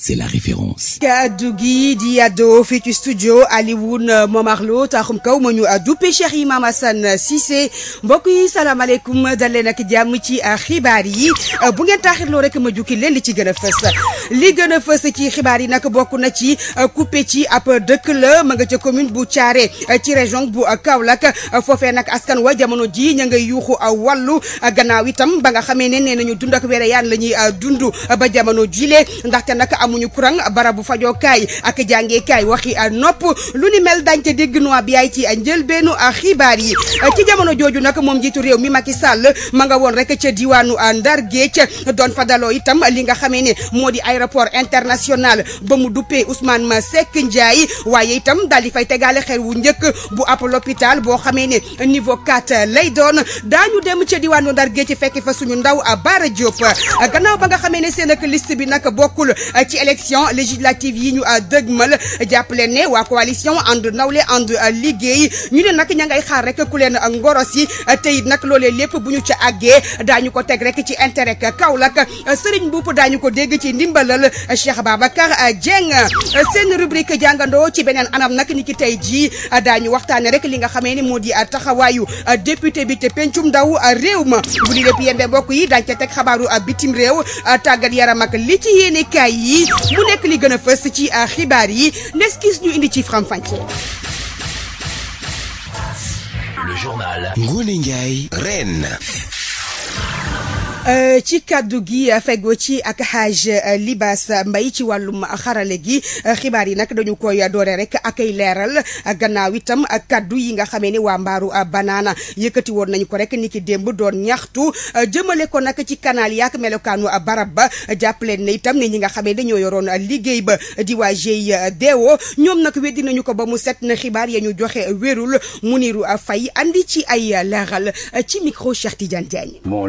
c'est la référence. kaddu di yàddoo fii ci studio Alioune Momar Lo taaxum kaw ma ñu a duppe Cheikh Imam san Cissé mbokk yi salaamaaleykum dal leen ak jàmm ci xibaar yi bu ngeen taaxirloo rek ma jukki leen li ci gën a fës li gën a fës ci xibaar yi nag bokk na ci euh, coupé ci ab dëkk la ma nga ca commune bu Thiaré euh, ci région bu euh, Kaolack foofe nag askan wa jamono ji ña ngay yuuxu wàllu gannaaw itam ba nga xamee ne nee nañu dund ak wér yaan la ñuy dund ba jamono jile ndaxte nag. amuñu courant barabu fajokaay ak jàngeekaay waxi nopp lu ni mel dañ ca dégg noa bi yaay ci njëlbeenu xibaar yi ci jamono jooju nag moom njiitu réew mi mag Macky Sall ma nga woon rek ca diwaanu Ndar Géej doon fa daloo itam li nga xamee ne moo di aéroport international ba mu duppee Ousmane Masseck Ndiaye waaye itam daal di fay tegaale xeer wu njëkk bu ab l'hôpital boo xamee ne niveau 4 lay doon daañu dem ca diwaanu Ndar ci fekki fa suñu ndaw Bara Diop gannaaw ba nga xamee ne seen ak liste bi nag bokkul ci ci élection législative yi ñu euh, dëgmal leen ne waa coalition ànd nawle ànd euh, liggéey ñu ne nag ña ngay xaar rek ku leen euh, ngoros yi te it nag loolee lépp bu ñu ca àggee daañu ko teg rek ci intérêt Kaolack Serigne Mboup daañu ko dégg ci ndimbalal Cheikh Babacar Dieng seen rubrique jàngandoo ci beneen anam nag ni ki tey jii ñu waxtaane rek li nga xamee ni moo di taxawaayu député bi te pencum ndaw réew ma bu di lépp yembe mbokk yi daañu ca teg xabaaru bitim réew tàggat yaram ak li ci mu nekk li gën a fës ci euh, xibaar yi nes kis ñu indi ci faram-fàccee. Le journal Ngoné Ndiaye Reine. Euh, ci kàddu gi euh, fego ci ak Haj euh, Libaas Mbay ci wàllum xarale gi xibaar yi nag dañu koy doore rek ak ay leeral gannaaw itam kàddu yi nga xamee ni waa mbaaru banaana yëkkati woon nañu ko rek ni ki démb doon ñaxtu jëmale ko nag ci kanaal yaa yaak melokaanu barab ba jàppaleen ne itam ne ñi nga xamee dañoo yoroon liggéey ba di waa GIE ñoom nag weddi nañu ko ba mu set na xibaar ya ñu joxe mu Mounirou Faye andi ci ay leeral ci micro Cheikh Tidiane Diagne. bon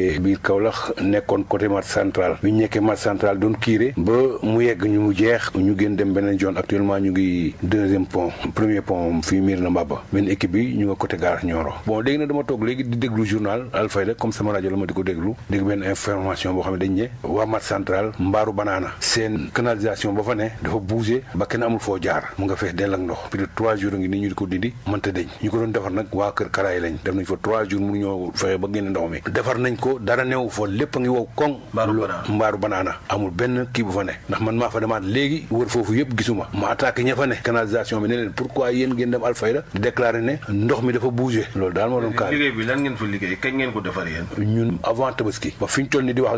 jógee eh, biir Kaolack nekkoon côté marché central bi ñu nekkee marché central doon kiire ba mu yegg ñu mu jeex ñu gën dem beneen zone actuellement ñu ngi deuxième pont premier pont fii miir na Mbaba benn équipe bi ñu nga côté gare Nioro bon léegi nag dama toog léegi di déglu journal Alfayda comme sama rajo la ma di ko déglu dégg benn information boo xam ne dañ ne waa marché central mbaaru banaana seen canalisation ba fa ne dafa bougé ba kenn amul foo jaar mu nga fees dell ak ndox plus de trois jours ngi ñu di ko dindi ko doon defar nag waa kër karaay lañ def nañ fa trois jours mënu ñoo fexe ba génn ko dara newu fa lépp a ngi wow koŋ mbaaru banaana amul benn kii fa ne ndax man maa fa demaat léegi wër foofu yëpp gisuma ma attaqué ña fa ne canalisation bi ne leen pourquoi yéen ngeen dem Alfayda déclaré ne ndox mi dafa bougé loolu daal moo doon kaar liggéey bi lan ngeen fa liggéey kañ ngeen ko defar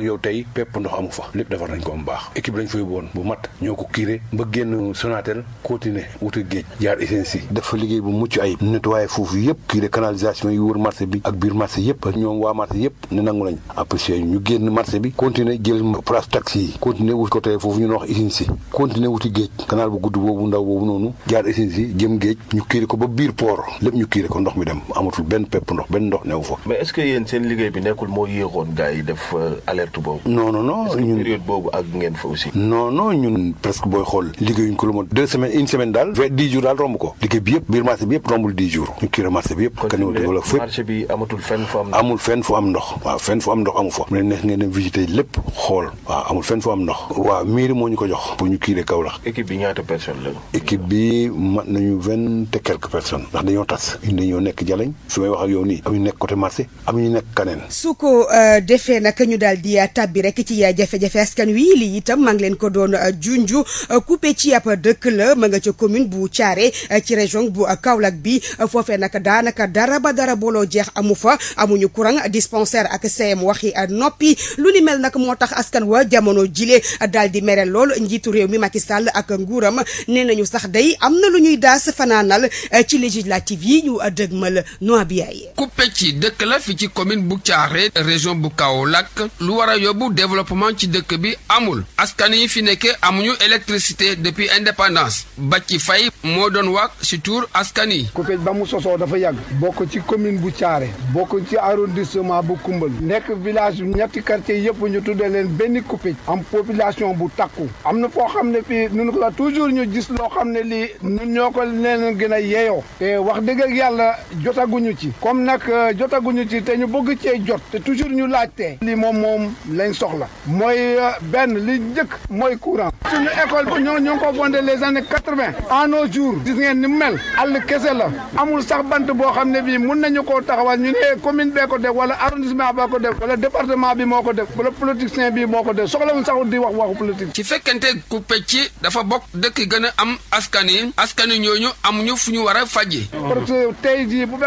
yow tey pépp ndox amu fa lépp defar nañ ko am baax équipe lañ fa yóbbu woon bu mat ñoo ko kiire ba génn Sonatel continuer wuti géej jaar SNC dafa liggéey bu mucc ayib nettoyé foofu yëpp kiire canalisation yi wër marché bi ak biir marché yëpp ñoom waa marché yëpp nangu nañ ñu génn marché bi continuer jël place taxi yi continuer wuti géej canal bu gudd boobu ndaw boobu noonu jaar usine si jëm géej ñu kiire ko ba biir port lépp ñu kiire ko ndox mi dem amatul benn pepp ndox benn ndox newu fa mais est-ce seen liggéey bi nekkul moo yéexoon gars def euh, alerte boobu non non ñun période booy xool liggéeyuñ ko lu ma deux semaines une semaine daal vingt dix jours daal romb ko liggéey bi yëpp biir marché bi yëpp rombul dix jours fenn fu am ndox amu fa mu ne neex ngeen dem lépp xool waaw amul fenn fu am ndox waaw mairie moo ñu ko jox pour ñu kiire Kaolack équipe bi ñaata personne la équipe bi mat nañu vingt et nekk jaleñ fi may wax ak yow nii am ñu nekk côté marché am ñu nekk kaneen su ko euh, ñu daal di euh, tàbbi rek ci euh, jafe-jafe askan wi lii itam maa ngi leen ko doon junju coupé ci ab dëkk la ma nga ca commune bu caaree ci région bu Kaolack bi foofee nag daanaka dara ba dara booloo jeex amu fa amuñu courant dispensaire ak CM waxi noppi lu ni mel nag moo tax askan wa jamono jile daal di mere lool njiitu réew mi Macky Sall ak nguuram nee nañu sax day am na lu ñuy daas fanaanal eh, ci législative yi ñu dëgmal noa bi ay kuppe ci dëkk la fi ci commune bu caare région bu Kaolack lu war a yóbbu développement ci dëkk bi amul askan yi fi nekkee amuñu électricité depuis indépendance ba ci fay moo doon wax si tur askan yi. kuppe ba mu sosoo dafa yàgg bokk ci commune bu Thiaré bokk ci nekk village ñetti quartier yëpp ñu tuddee leen benn coupé am population bu takku am na foo xam ne fii nunu ko la toujours ñu gis loo xam ne lii ñun ñoo ko leen gën a yeeyoo te wax dëgg ak yàlla jotaguñu ci comme nag euh, jotaguñu ci te ñu bëgg cee jot te toujours ñu laajtee li moom moom lañ soxla mooy euh, benn li njëkk mooy courant suñu école bi ñoo ñoo ngi ko fondé les années quatre-vingt à nos jours gis ngeen ni mel àll kese la amul sax bant boo xam ne bii mun nañu koo taxawal ñu ne commune ko def wala arrondissement ba ko def wala département bi moo ko def wala politicien bi moo ko def soxlawul sax di wax waxu politique. ci fekkente ku pecc dafa bokk dëkk gën a am askan ñu war a fajji. parce que tey jii bu bu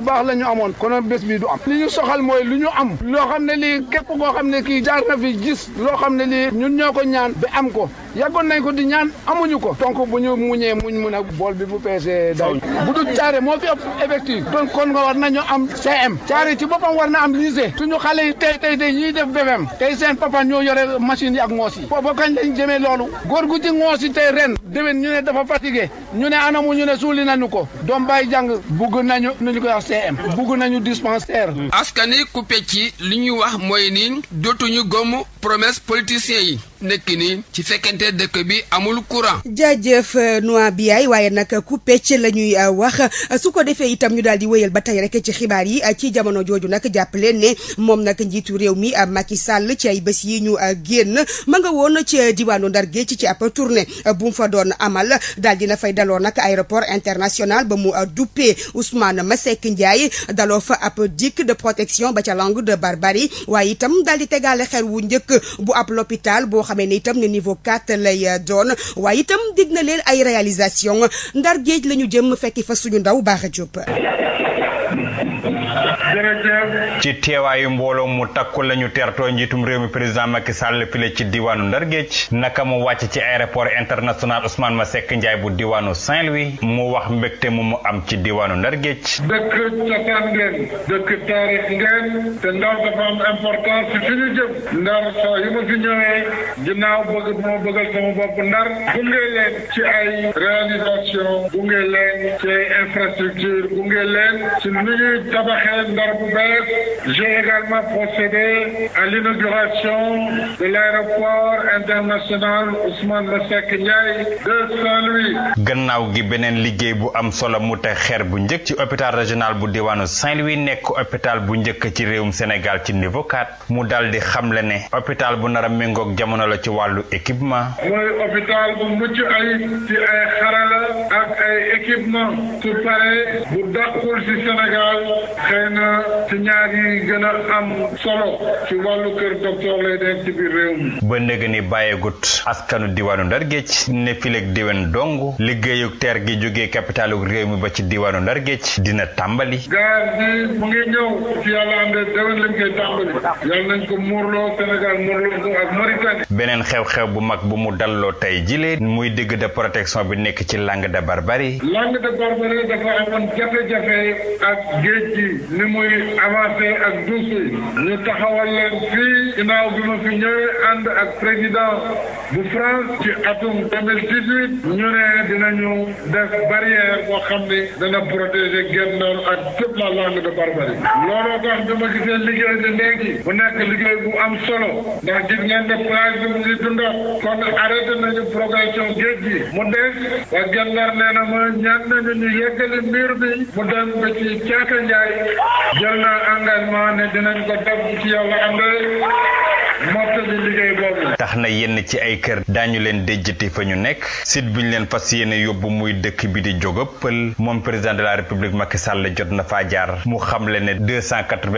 baax la ñu amoon. konoon bi du am. li ñu soxal mooy lu ñu am. loo xam ne lii képp koo xam ne kii jaar na fi gis loo xam ne lii ñun ñoo ko ñaan ba am ko yàggoon nañ ko di ñaan amuñu ko. donc bu ñu muñee muñ mun a bool bi bu peesee daw bu du caare moo fi ëpp effectif donc kon war na am moderniser suñu xale yi tey tey tey ñuy def BFM tey seen papa ñoo yore machine yi ak ngoos yi booba kañ lañ jëmee loolu góor gu ci ngoos yi tey ren déwén ñu ne dafa fatigué ñu ne anamu ñu ne suuli nañu ko doom bàyyi jàng bugg nañu ñu koy wax CM bugg nañu dispensaire askani ku pecci li ñuy wax mooy nii dootuñu gomm promesse politicien yi nekk nii ci fekkente dëkk bi amul courant. jaajëf euh, Noa Biaye waaye nag ku pecc la ñuy euh, wax su ko defee itam ñu daal di wéyal ba tey rek ci xibaar yi ci jamono jooju nag jàppale. leen ne moom nag njiitu réew mi euh, Macky Sall ci ay bés yi ñu euh, génn ma nga woon ci euh, diwaanu Ndar géej ci ab tournée bu mu fa doon amal daal dina fay daloo nag aéroport international ba mu duppee ma Masseck Ndiaye daloo fa ab digue de protection ba ca langue de Barbarie waaye itam daal di tegaale xel wu njëkk bu ab l'hôpital boo xamee ni itam ne niveau 4 lay doon waaye itam dig na leen ay réalisation Ndar géej la ñu jëm fekki fa suñu ndaw baax a jóp jërëjëf ci teewaayu mbooloo mu takku lañu ñu njiitum réew mi président Macky Sall file ci diwaanu Ndar naka mu wàcc ci aéroport international Ousmane Masseck njaay bu diwaanu Saint-Louis mu wax mbégte mu mu am ci diwaanu Ndar Géej. dëkk taarix ngeen te Ndar dafa am importance ci ñu jëm Ndar saa yu ma fi ñëwee ginnaaw bëgg bu ma bëggal sama bopp Ndar gunge leen ci ay réalisation gunge leen ci ay infrastructure gunge leen ci ni tabaxee Ndar bu bees également procédé à l'inauguration de l'aéroport international Ousmane Masseck Ndiaye de Saint-Louis. gannaaw gi beneen liggéey bu am solo mu te xeer bu njëkk ci hôpital régional bu diwaanu Saint-Louis nekk hôpital bu njëkk ci réewum Sénégal ci niveau mu daldi xamle ne hôpital bu nar a méngoog jamono la ci wàllu équipement. mooy hôpital bu mucc ay ci ay xarala ak ay équipement su paree bu dàqul ci Sénégal nee na ci ñaar yi gën a am solo ci wàllu kër docteur lay def ci réew mi. ba nëgë ni bàyyeegut askanu diwaanu ndar géej ne fileeg diwen dong liggéeyug teer gi jógee capitalu réew mi ba ci diwaanu ndar géej dina tàmbali. gaar bi mu ngi ñëw ci yàlla ànd déwén lañ koy tàmbali yàlla nañ ko muurloo Sénégal muurloo ak Mauritanie. beneen xew-xew bu mag bu mu dalloo tey jilee muy digg de protection bi nekk ci langue de barbarie. langue de barbarie dafa amoon jafe-jafe ni muy avancé ak dossier ñu taxawal leen fii ginnaaw bi ma fi ñëwee ànd ak président bu France ci atum 2018 ñu ne dinañu def barrière boo xam ni dana protéger Guet Ndar ak toute la langue de Barbarie looloo bi ma gisee liggéey bi léegi bu nekk liggéey bu am solo ndax gis ngeen ne plage bi mu ngi dundal kon arrêté nañu progression géej gi mu des waa Guet Ndar na ma ñaan nañu ñu yeggali mbir bi mu dem ba ci Caaka Njaay tax na yenn ci ay kër daañu leen déjjati fa ñu nekk site bi ñu leen fas yéene yóbbu muy dëkk bi di jóg pël moom président de la république Macky Sall jot na faa jaar mu xamle ne deux cent quatre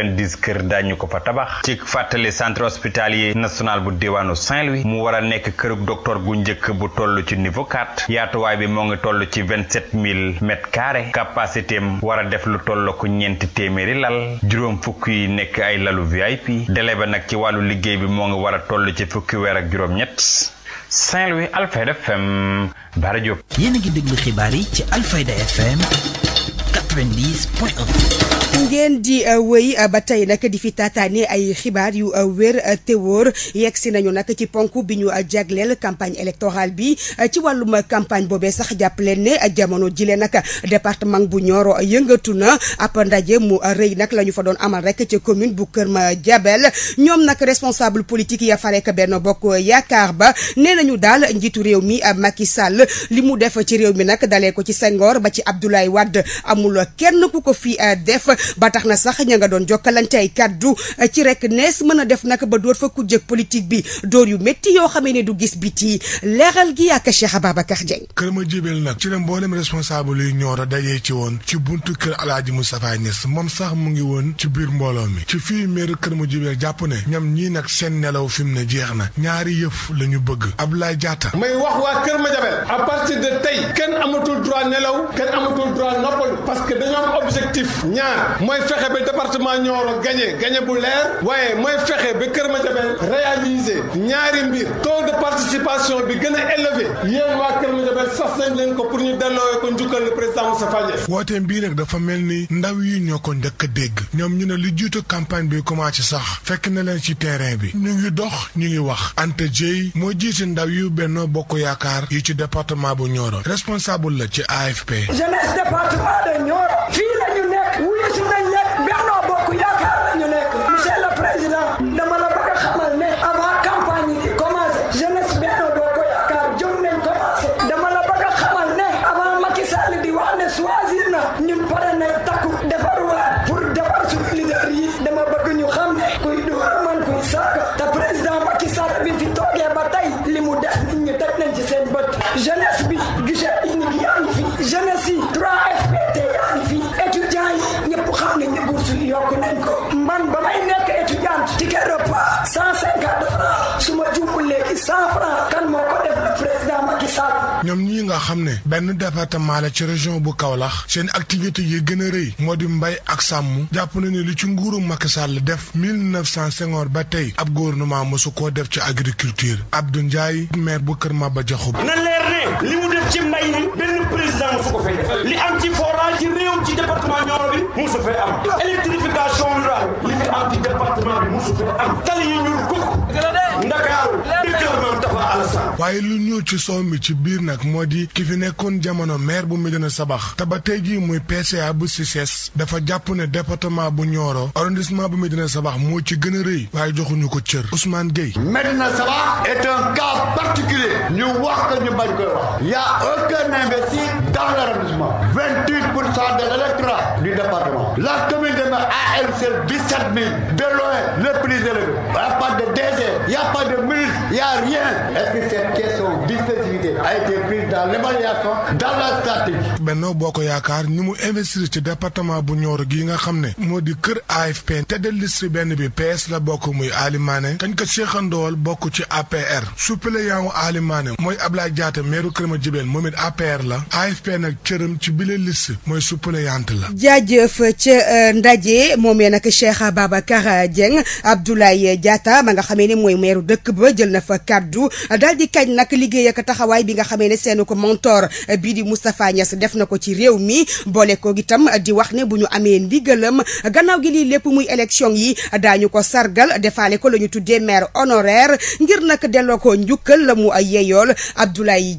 kër daañu ko fa tabax ci fàttali centre yi national bu diwaanu Saint-Louis mu war a nekk kërug docteur gu njëkk bu toll ci niveau quatre yaatuwaay bi moo ngi toll ci vingt-sept mille mètres carrés capacité am war a def lu toll ko ñeenti téeméer. téeméeri juróom fukk nekk ay lalu VIP délai ba nag ci wàllu liggéey bi moo ngi war a toll ci fukki weer ak juróom-ñett Saint-Louis Alfayda FM Bara Diop. ngi déglu xibaar yi ci Alfayda FM ngeen di euh, wéy euh, ba tey nag di fi taataane ay xibaar yu euh, wér te wóor si nañu nag ci ponk bi ñu jagleel campagne électorale bi ci wàllum campagne boobee sax jàpp leen ne jamono jile nag département bu Nioro yëngatu na ab ndaje mu rëy nag la ñu fa doon amal rek ci commune bu Kër ma Madiabel ñoom nag responsable politique ya fa rek benn bokk yaakaar ba nee nañu daal njiitu réew mi Macky Sall li mu def ci réew mi nag dalee ko ci sengoor ba ci Abdoulaye Wade amul kenn ku ko fi def. ba tax na sax ña nga doon jokkalante ay kàddu eh, ci rek nees mën a def nag ba door fa ku jëg politique bi door yu métti yoo xamee ne du gis biti leeral gi ak Cheikh Ababacar Dieng. kër ma jibeel nag ci la mboolem responsable yi ñooro dajee ci woon ci buntu kër Alaaji Moustapha Niass moom sax mu ngi woon ci biir mbooloo mi ci fii meeru kër ma jibeel jàpp ne ñoom ñii nag seen nelaw fi mu ne jeex na ñaari yëf la ñu bëgg Abdoulaye Diatta. may wax waa kër ma jabel mooy fexe ba département Nioro gagné gagné bu leer waaye mooy fexe ba Kër Madiabel réaliser ñaari mbir taux participation bi gën a élevé waa Kër Madiabel sas nañ leen ko pour ñu delloo ko njukkal président Moustapha Niasse. wooteem bii nag dafa mel ni ndaw yi ñoo ko njëkk dégg ñoom ñu ne lu jiitu campagne bi commencé sax fekk na leen ci terrain bi ñu ngi dox ñu ngi wax ant Dieye moo jiite ndaw yu Benno Bokk Yaakaar yi ci département bu Nioro responsable la ci AFP. gis nañ ne Benno Bokk Yaakaar la ñu nekk monsieur le président dama la bëgg a xamal ne avant campagne yi di commencé jeunesse Benno Bokk Yaakaar jóg nañ commencé dama la bëgg a xamal ne avant Macky Sall di wax ne choisir na ñun pare nañ takku defaruwaat pour defar suñu leader yi dama bëgg ñu xam ne kuy door man kuy saaga te président Macky Sall bi fi toogee ba tey li mu def nit ñi teg nañ ñoom ñii nga xam ne benn département la ci région bu Kaolack seen activité yi gën a rëy moo di mbay ak sàmm jàpp nañu li ci nguuru Macky sàll def mille neuf cent cinquante ba tey ab gouvernement mosu koo def ci agriculture Abdou njaay maire bu Kër Maba Diakhou. na leer ne li mu def ci mbay mi benn président. musu li am ci réew ci département Nioro bi musu fee am électrification rurale li fi bi musu fee am tali yu ñuul kukk ndakaaru dëkkër waaye lu ñuul ci soow mi ci biir nag moo di ki fi nekkoon jamono maire bu Médina Sabax te ba tey jii muy PCA bu CICES dafa jàpp ne département bu ñooro arrondissement bu Médina Sabax moo ci gën rëy waaye joxuñu ko cër Ousmane Gueye Médina Sabax est un cas ñu wax ñu bañ koy wax y'a aucun investi l'arrondissement 28 de l'électorat du département la commune de Mekhe à elle seule de loin le a pas de DG de ministre il rien est-ce que cette question d'exclusivité a été prise dans l'évaluation dans la stratégie Benno Bokk Yaakaar ni mu investir ci departement bu Nioro gi nga xam ne moo di kër AFP te de liste benn bi PS la bokk muy Alimane kañ ko bokk ci APR suppléant wu Alimane mooy Ablaye Diatta meeru Kër Madiabel moom it APR la AFP nag cëram ci bile liste mooy suppléante la. jaajëf ca euh, ndaje moomee nag Cheikh Babacar Dieng Abdoulaye Diatta ma nga xamee ne mooy meeru dëkk ba jël na fa kaddu daal di kañ nag liggéey ak taxawaay bi nga xamee ne seen ko mentor bi di Moustapha ñas def na ko ci réew mi boole ko itam di wax ne bu ñu amee ndigalam gannaaw gi lii lépp muy élection yi daañu ko sargal defaale ko la ñu tuddee maire honoraire ngir nag delloo ko njukkal la mu yeyool Abdoulaye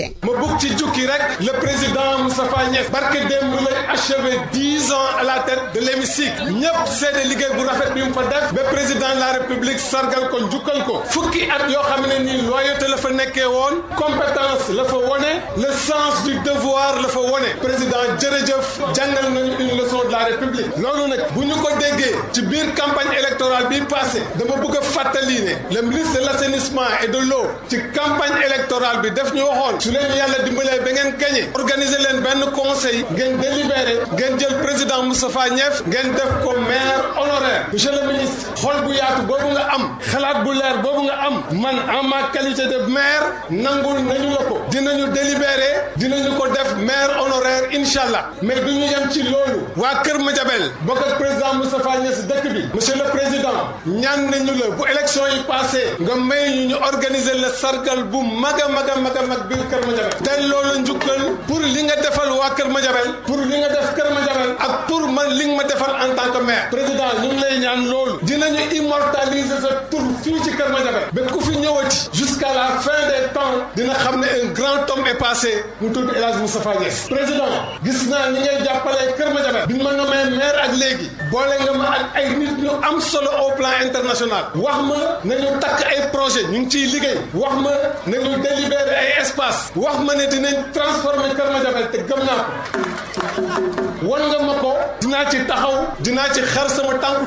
Dieng. ma bëgg ci jukki rek le président Moustapha Niasse barke démb la achevé dix ans à la tête de l'hémicycle ñëpp seede liggéey bu rafet bi mu fa def ba président de la république sargal ko njukkal ko fukki at yoo xam ne nii loyauté la fa nekkee woon compétence la fa wone le sens du devoir la fa wone président jërëjëf jàngal nañu une leçon de la république loolu nag bu ñu ko déggee ci biir campagne électorale bi passé dama bëgg fàttali ne la ministre de l'assainissement et de l'eau ci campagne électorale bi def ñu waxoon su leen yàlla dimbalee ba ngeen gagné organiser leen benn conseil ngeen délibéré ngeen jël président Moustapha Niasse ngeen def ko maire honoraire monsieur le ministre xol bu yaatu boobu nga am xalaat bu leer boobu nga am man en ma qualité de maire nangul nañu la ko dinañu délibéré dinañu ko def maire honoraire incha allah mais duñu yem ci loolu waa Kër Madiabel bokk ak président Moustapha Niasse dëkk bi monsieur le président ñaan nañu la bu élection yi passé la sargal a a a kër Madiabel tey loolu njukkal pour li nga defal waa kër Madiabel pour li nga def kër Madiabel ak pour man li nga ma defal en tant que maire président ñu ngi lay ñaan loolu dinañu immortaliser sa tur fii ci kër Madiabel ba ku fi ñëwati jusqu'à la fin des temps dina xam ne un grand homme est passé mu tudd El Hadj Moustapha président gis naa ñi ngay jàppalee kër Madiabel bi ma nommé maire ak léegi boole nga ma ak ay nit ñu am solo au plan international wax ma nañu ay projet ñu ngi ciy liggéey wax ma nañu délibérer ay espace wax ma ne dinañ transformé Kër Madiabel te gëm naa ko wan nga ma dinaa ci taxaw dinaa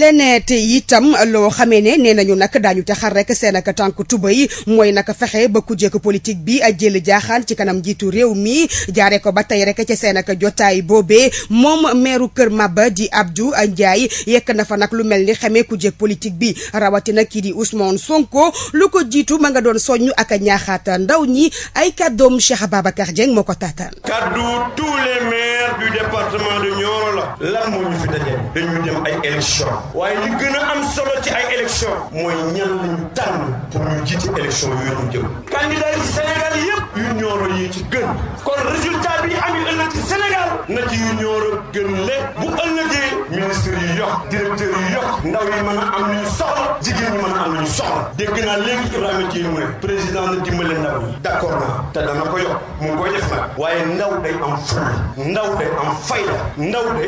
leneen te itam loo xamee ne nee nañu nag daañu te xar rek seen ak tànk tubéy mooy naka fexe ba ku jekk politique bi jël jaaxaan ci kanam njiitu réew mi jaare ko ba tey rek ca seen ak jotaay boobe moom meeru Kër Maba di Abdou njaay yekk na fa nag lu mel ni xamee ku jekk politique bi rawatina kii di Ousmane Sonko lu ko jiitu ma nga doon soññu ak ñaaxaata ndaw ñi ay kàddoom Cheikh Babacar Dieng moo ko taataan. loolu la lan moo ñu fi daje dañu dem ay élection waaye li gën a am solo ci ay élection mooy ñan lañu tànn pour ñu jiite élection yooyu ñu jëm candidat yi Sénégal yëpp yu ñooro yi ci gën kon résultat bi am yu ëllëg ci Sénégal na ci yu ñooro gën le bu ëllëgee ministre yi yokk directeur yokk ndaw yi mën a am lu ñu soxla jigéen ñi mën a am lu ñu soxla dégg naa léegi Ibrahima Dieye mu ne président na dimbale ndaw yi d'accord na te dana ko yokk mu ngi koy ndaw day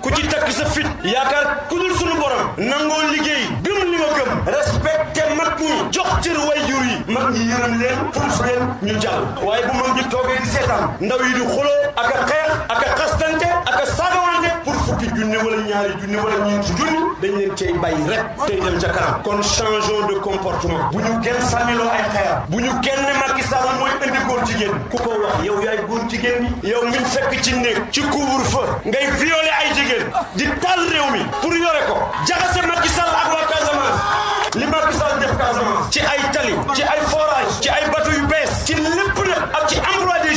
ku ci takk fit yaakaar ku dul sunu borom nangoo liggéey gëm ma gëm respecté mag ñi jox cër wayjur yi mag ñi yërëm leen puus leen ñu jàll waaye bu mag ñi toogee di ndaw yi di xuloo ak a xeex ak xastante ak a fukki junni wala leen cay bàyyi rek tey dem ca de comportement bu ñu kenn sànniloo ku ko wax yow yaay góor jigéen bi yow miñ fekk ci néeg ci couvre-feu ngay violer ay jigéen di taal réew mi pour yore ko jaxase Macky Sall ak waa Casamance li Macky Sall def Casamance ci ay tali ci ay forage ci ay bateau yu bees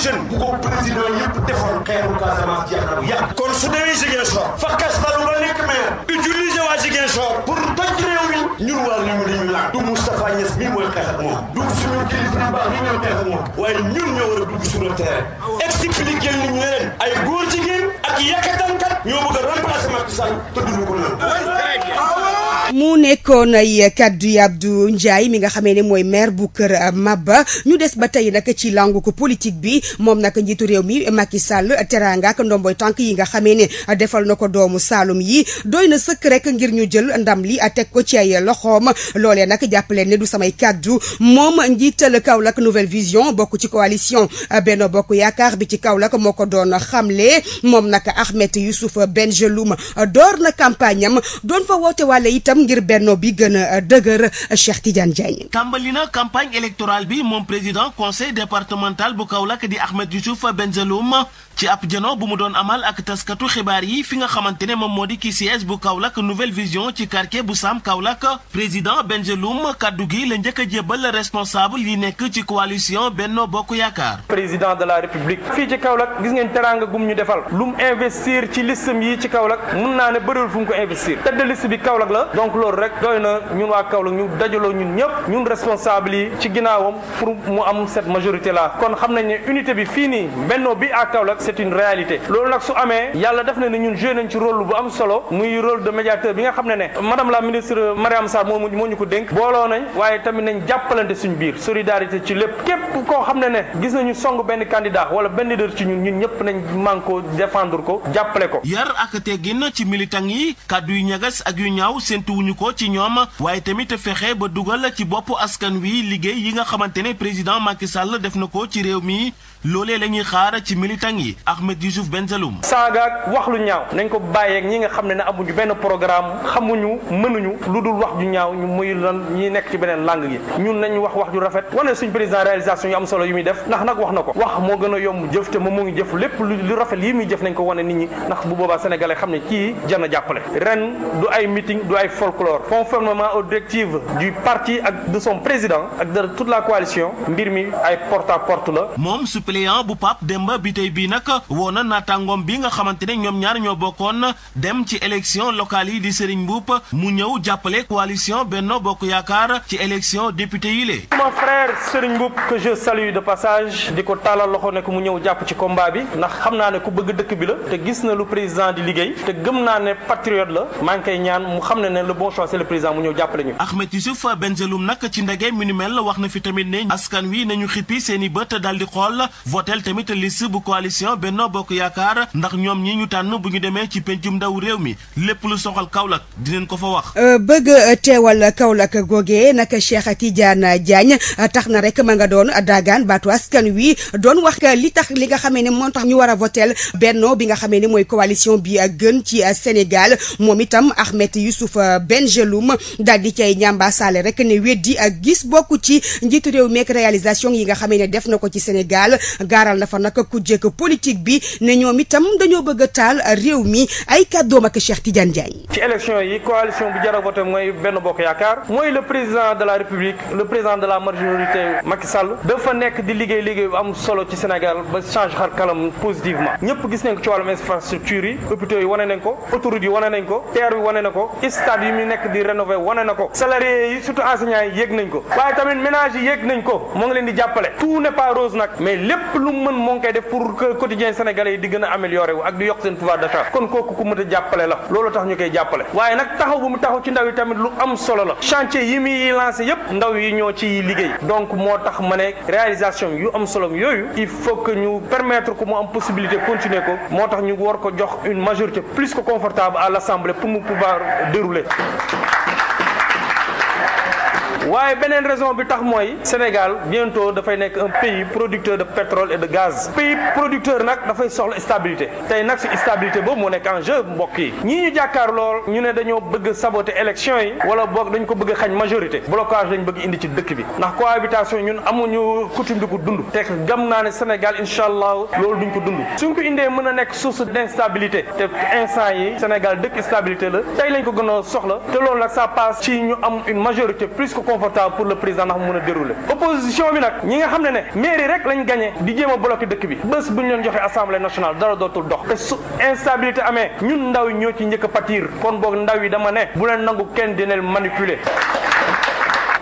jeune bu ko président yëpp defoon xeeru Casamance jeex na bu yàgg kon su demee Ziguinchor fa kastalu ba nekk maire utiliser waa Ziguinchor pour toj réew mi ñun waa réew mi dañuy laaj du Moustapha Niass mii mooy xeex ak moom du suñu kilifa yu baax mi ñoo xeex ak moom waaye ñun ñoo war a dugg sur le terrain expliquer nit ñi leen ay góor jigéen ak yàkkatankat ñoo bëgg a remplacer Macky Sall te duñu ko loolu mu nekkoon ay kaddu yi Abdou Ndiaye mi nga xamee ne mooy maire bu Kër euh, Maba ñu des ba tey nag ci langu ko politique bi moom nag njiitu réew mi Macky Sall teraanga ak ndomboy tànk yi nga xamee ne defal na ko doomu Saalum yi doy na sëkk rek ngir ñu jël ndam li teg ko ci ay loxoom loolee nag jàppaleen ne du samay kaddu moom njiital Kaolack Nouvelle Vision bokk ci coalition euh, benn Bokk Yaakaar bi ci Kaolack moo ko doon xamle moom nag Ahmed Youssouf Bengeloum euh, door na campagne am doon fa woote wàlle itam ngir benno bi gën a euh, dëgër euh, Cheikh Tidiane Diagne. tàmbali na campagne électorale bi moom président conseil départemental bu Kaolack di Ahmed Youssouf Benjeloum ci ab jano bu mu doon amal ak taskatu xibaar yi fi nga xamante ne moom moo di ki siège bu Kaolack nouvelle vision ci quartier bu Sam Kaolack président Benjeloum kàddu gi la njëkk a jébbal responsable yi nekk ci coalition Benno Bokk Yaakaar. président de la république fii ci Kaolack gis ngeen teraanga gum ñu defal lu mu investir ci listam yi ci Kaolack mun naa ne bëriwul fu mu ko investir tête de bi Kaolack la donc loolu rek doy na ñun waa Kaolack ñu dajaloo ñun ñëpp ñun responsable yi ci ginnaawam pour mu am cette majorité là kon xam nañ ne unité bi fii nii Benno bi à Kaolack c'est une réalité loolu nag su amee yàlla def na ne ñun joué nañ ci rôle bu am solo muy rôle de médiateur bi nga xam ne ne madame la ministre Mariam Sarr moo moo ñu ko dénk booloo nañ waaye tamit nañ jàppalante suñ biir solidarité ci lépp képp koo xam ne ne gis nañu song benn candidat wala benn leader ci ñun ñun ñëpp nañ mànkoo défendre ko jàppale ko yar ak teggin ci militan yi kàddu yu ñagas ak yu ñaaw séentuwuñu ko ci ñoom waaye tamit fexe ba dugal ci bopp askan wi liggéey yi nga xamante ne président Macky Sall def na ko ci réew mi loolee la ñuy xaar ci militant yi Ahmed Youssouf Bengelloun. saagaak wax lu ñaaw nañ ko bàyyeek ñi nga xam ne ne amuñu benn programme xamuñu mënuñu lu dul wax ju ñaaw ñu muy lan ñi nekk ci beneen langue gi ñun nañu wax wax ju rafet wane suñ président réalisation yu am solo yu muy def ndax nag wax na ko wax moo gën a yomb jëf te moom mu ngi jëf lépp lu rafet yi muy jëf nañ ko wane nit ñi ndax bu booba sénégalais xam ne kii jar na jàppale ren du ay meeting du ay folklore conformément aux directives du parti ak de son président ak de toute la coalition mbir mi ay porte la suppléant bu Pape Demba Bitèye bii nag woo na naataangoom bi nga xamante ne ñoom ñaar ñoo bokkoon dem ci élection locale yi di Serigne Mboup mu ñëw jàppale coalition benn Bokk Yaakaar ci élection député yi lée mon frère Serigne Mboup que je salue de passage di ko tàllal loxo ne ko mu ñëw jàpp ci combat bi ndax xam naa ne ku bëgg dëkk bi la te gis na lu président di liggéey te gëm naa ne patriote la maa ngi koy ñaan mu xam ne ne le bon choix c'est le président mu ñëw jàppale ñu Ahmed Youssouf Benjeloum nag ci ndege mi nu mel wax na fi tamit ne askan wi nañu xippi seeni bët daal di xool votel tamit liste bu coalition Benno Bokk Yaakaar ndax ñoom ñi ñu tànn bu ñu demee ci pencum ndaw réew mi lépp lu soxal Kaolack dinañ ko fa wax. Euh, bëgg teewal Kaolack googee nag a Tidiane Diagne euh, tax na rek ma nga doon daagaan baatu askan wi doon wax li tax li nga xamee ne moo tax ñu war a votel Benno bi nga xamee ne mooy coalition bi gën ci Sénégal moom itam Ahmed Youssouf Bengeloum daal di cay ñambaasaale rek ne weddi ak gis bokk ci njiitu réew meek réalisation yi nga xamee ne def na ko ci Sénégal gaaral na fa nag ku jekk politique bi ne ñoom itam dañoo bëgg a taal réew mi ay kàddoom ak Cheikh Tidiane Diagne. ci élection yi coalition bu jar a mooy benn bokk yaakaar mooy le président de la république le président de la majorité Macky Sall dafa nekk di liggéey liggéey bu am solo ci Sénégal ba change xar kalam positivement ñëpp gis nañ ko ci infrastructure yi hôpitaux yi wane nañ ko autoroute yi wane nañ ko terre yi wane na ko stade lépp lu mën moo ngi koy def pour que quotidien sénégalais yi di gën a amélioré wu ak di yokk seen pouvoir d'achat kon kooku ku mën a jàppale la loolu tax ñu koy jàppale waaye nag taxaw bu mu taxaw ci ndaw yi tamit lu am solo la chantier yi muy lancé yépp ndaw yi ñoo ci liggéey donc moo tax ma ne réalisation yu am solo yooyu il faut que ñu permettre ku mu am possibilité continuer ko moo tax ñu war ko jox une majorité plus que confortable à l'Assemblée pour mu pouvoir dérouler waaye beneen raison bi tax mooy Sénégal bientôt dafay nekk un pays producteur de pétrole et de gaz pays producteur nag dafay soxla stabilité tey nag si stabilité boobu moo nekk en mbokk yi ñii ñu jàkkaar lool ñu ne dañoo bëgg saboter élection yi wala boog dañ ko bëgg xañ majorité blocage lañ bëgg indi ci dëkk bi ndax cohabitation ñun amuñu coutume di ko dund te gëm naa ne Sénégal incha allah loolu duñ ko dund suñ ko indee mën a nekk source d'instabilité te instant yi Sénégal dëkk stabilité la tey lañ ko gën a soxla te loolu nag ça passe une majorité plus confortable pour le président ndax mu mën a dérouler opposition bi nag ñi nga xam ne ne mairie rek lañ gagné di jéem a bloqué dëkk bi bés bu ñu leen joxee assemblée nationale dara dootul dox te su instabilité amee ñun ndaw ñoo ci njëkk a kon boo ndaw yi dama ne bu leen nangu kenn di leen manipuler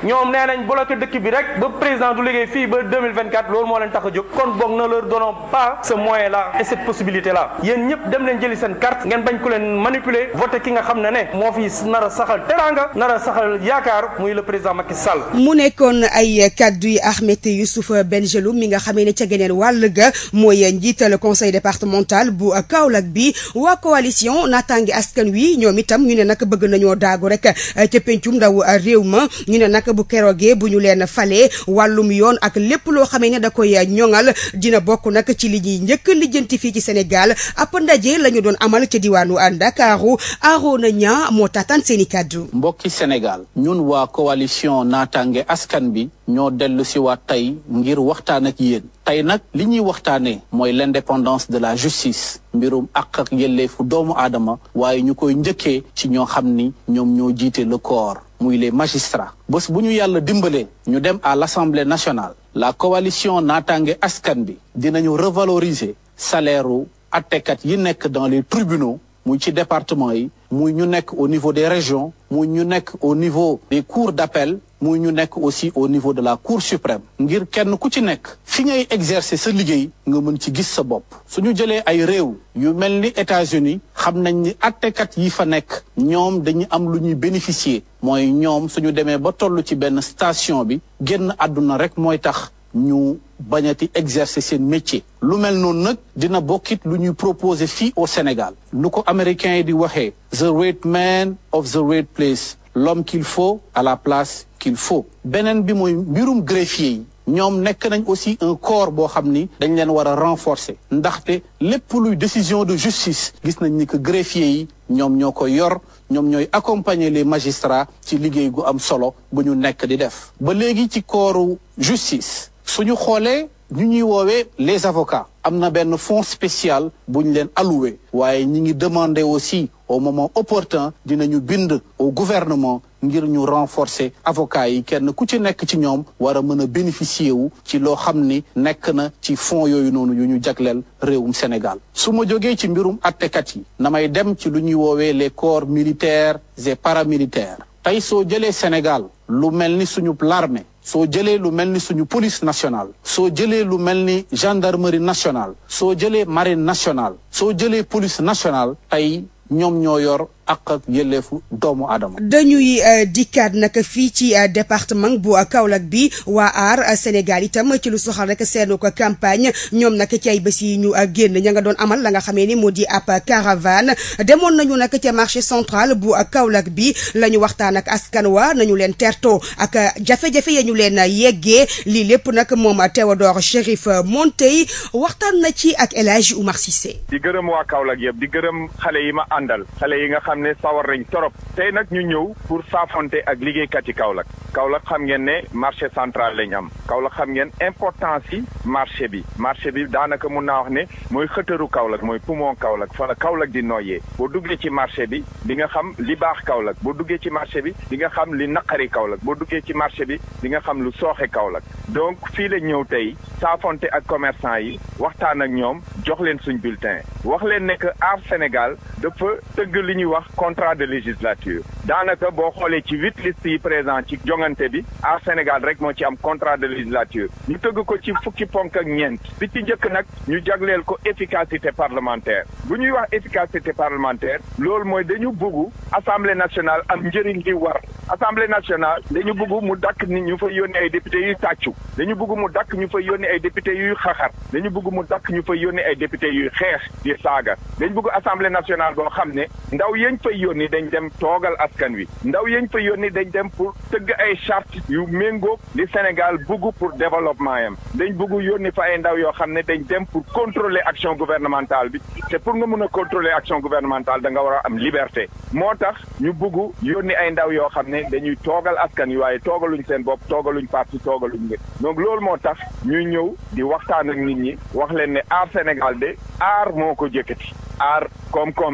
ñoom nee nañ bloqué dëkk bi rek ba président du liggéey fii ba 2024 loolu moo leen tax a jóg kon boog ne leur donnons pas ce moyen là et cette possibilité la yéen ñëpp dem leen jëli seen carte ngeen bañ ko leen manipuler voté ki nga xam ne ne moo fi nar a saxal teraanga nar a saxal yaakaar muy le président Macky Sall. mu nekkoon ay kaddu yi Ahmed benn Bengelou mi nga xamee ne ca geneen wàll ga mooy njiital conseil départemental bu Kaolack bi waa coalition naataange askan wi ñoom itam ñu ne nag bëgg nañoo daagu rek ca pencum ndaw réew ma ñu ne nag bu keroogee bu ñu leen falee wàllum yoon ak lépp loo xamee ne da koy ñoŋal dina bokk nak ci li ñuy njëkk lijjanti fii ci Sénégal ab ndaje la ñu doon amal ca diwaanu Ndakaaru Arona Niang moo tax seen seeni kàddu. mbokki Sénégal ñun waa coalition naataange askan bi ñoo dellu si waat tey ngir waxtaan ak yéen tey nag li ñuy waxtaanee mooy l'indépendance de la justice mbirum àq ak yelleefu doomu aadama waaye ñu koy njëkkee ci ñoo xam ni ñoom ñoo jiite le corps muy les magistrats bés bu ñu yàlla dimbalee ñu dem à l'Assemblée nationale la coalition naataange askan bi dinañu revaloriser salaire u attekat yi nekk dans les tribunaux muy ci département yi muy ñu nekk au niveau des régions muy ñu nekk au niveau des cours d'appel muy ñu nekk aussi au niveau de la cour suprême ngir kenn ku ci nekk fi ngay exercé sa liggéey nga mën ci gis sa bopp su ñu jëlee ay réew yu mel ni États-Unis xam nañ ni attekat yi fa nekk ñoom dañu am lu ñuy bénéficier mooy ñoom suñu demee ba toll ci benn station bi génn àdduna rek mooy tax ñu bañati exercer seen métier lu mel noonu nag dina bokkit lu ñuy proposer fii au Sénégal lu ko américains yi di waxee the right man of the right place l'homme qu'il faut à la place qu'il faut beneen bi mooy mbirum greffier yi ñoom nekk nañ aussi un corps boo xam ni dañ leen war a renforcer ndaxte lépp luy décision de justice gis nañ ni que greffier yi ñoom ñoo ko yor ñoom ñooy accompagner les magistrats ci liggéey gu am solo bu ñu nekk di def ba léegi ci corps justice ñu xoolee ñu ñuy woowee les avocats am na benn fonds spécial bu ñu leen alloué waaye ñi ngi demander aussi au moment opportun dinañu bind au gouvernement ngir ñu renforcer avocats yi kenn ku ci nekk ci ñoom war a mën a bénéficier wu ci loo xam ni nekk na ci fonds yooyu noonu yu ñu jagleel réewum Sénégal su ma jógee ci mbirum attekat yi na may dem ci lu ñuy woowee les corps militaires et paramilitaires tey soo jëlee Sénégal lu mel ni suñu l'armée soo jëlee lu mel ni suñu police nationale soo jëlee lu mel ni gendarmerie nationale soo jëlee marine nationale soo nationale ñoom ñoo yor ak ak yelleefu doomu aadama. dañuy euh, dikkaat nag fii ci euh, département bu Kaolack bi waa aar euh, Sénégal itam ci lu soxal rek seenu ko campagne ñoom nag ci ay bés yi ñu génn ña nga doon amal la nga xamee ni moo di ab caravane demoon nañu nag ca marché central bu Kaolack bi la ñu waxtaan ak askan wa nañu leen terto ak jafe-jafe ya ñu leen yeggee lii lépp nag moom Théodore Chérif Montey waxtaan na ci ak El Hadj Oumar Cissé. di gërëm waa Kaolack yëpp di gërëm ma xam ne sawar nañ torop tey nag ñu ñëw pour saafonte ak liggéeykat yi Kaolack Kaolack xam ngeen ne marché central lañ am Kaolack xam ngeen importance yi marché bi marché bi daanaka mun naa wax ne mooy xëtëru Kaolack mooy poumon Kaolack fa la di noyyee boo duggee ci marché bi di nga xam li baax Kaolack boo duggee ci marché bi dinga xam li naqari Kaolack boo duggee ci marché bi di nga xam lu sooxe Kaolack donc fii la ñëw tey saafonte ak commerçant yi waxtaan ak ñoom jox leen suñ bulletin wax leen ne que Aar contrat de législature daanaka boo xoolee ci huit listes yi présent ci jongante bi à Sénégal rek moo ci am contrat de législature ñu tëgg ko ci fukki ponk ak ñeent bi ci njëkk nag ñu jagleel ko efficacité parlementaire bu ñuy wax efficacité parlementaire loolu mooy dañu bugg assemblée nationale am njëriñ li war assemblée nationale dañu bugg mu dakk nit ñu fa yónni ay député yuy tàccu dañu bugg mu dakk ñu fa yónni ay député yuy xaxar dañu bugg mu dakk ñu fa yónni ay député yuy xeex di saaga dañu bugg assemblée nationale boo xam ne yañ fay yónni dañ dem toogal askan wi ndaw yañ fay yónni dañ dem pour tëgg ay charte yu méngóog li Sénégal bugg pour développement yam dañ bugg yónni fa ay ndaw yoo xam ne dañ dem pour contrôler action gouvernementale bi te pour nga mun a contrôler action gouvernementale danga nga war a am liberté moo tax ñu bugg yónni ay ndaw yoo xam ne dañuy toogal askan wi waaye toogaluñ seen bopp toogaluñ parti toogaluñ lépp donc loolu moo tax ñuy ñëw di waxtaan ak nit ñi wax leen ne aar Sénégal de aar moo ko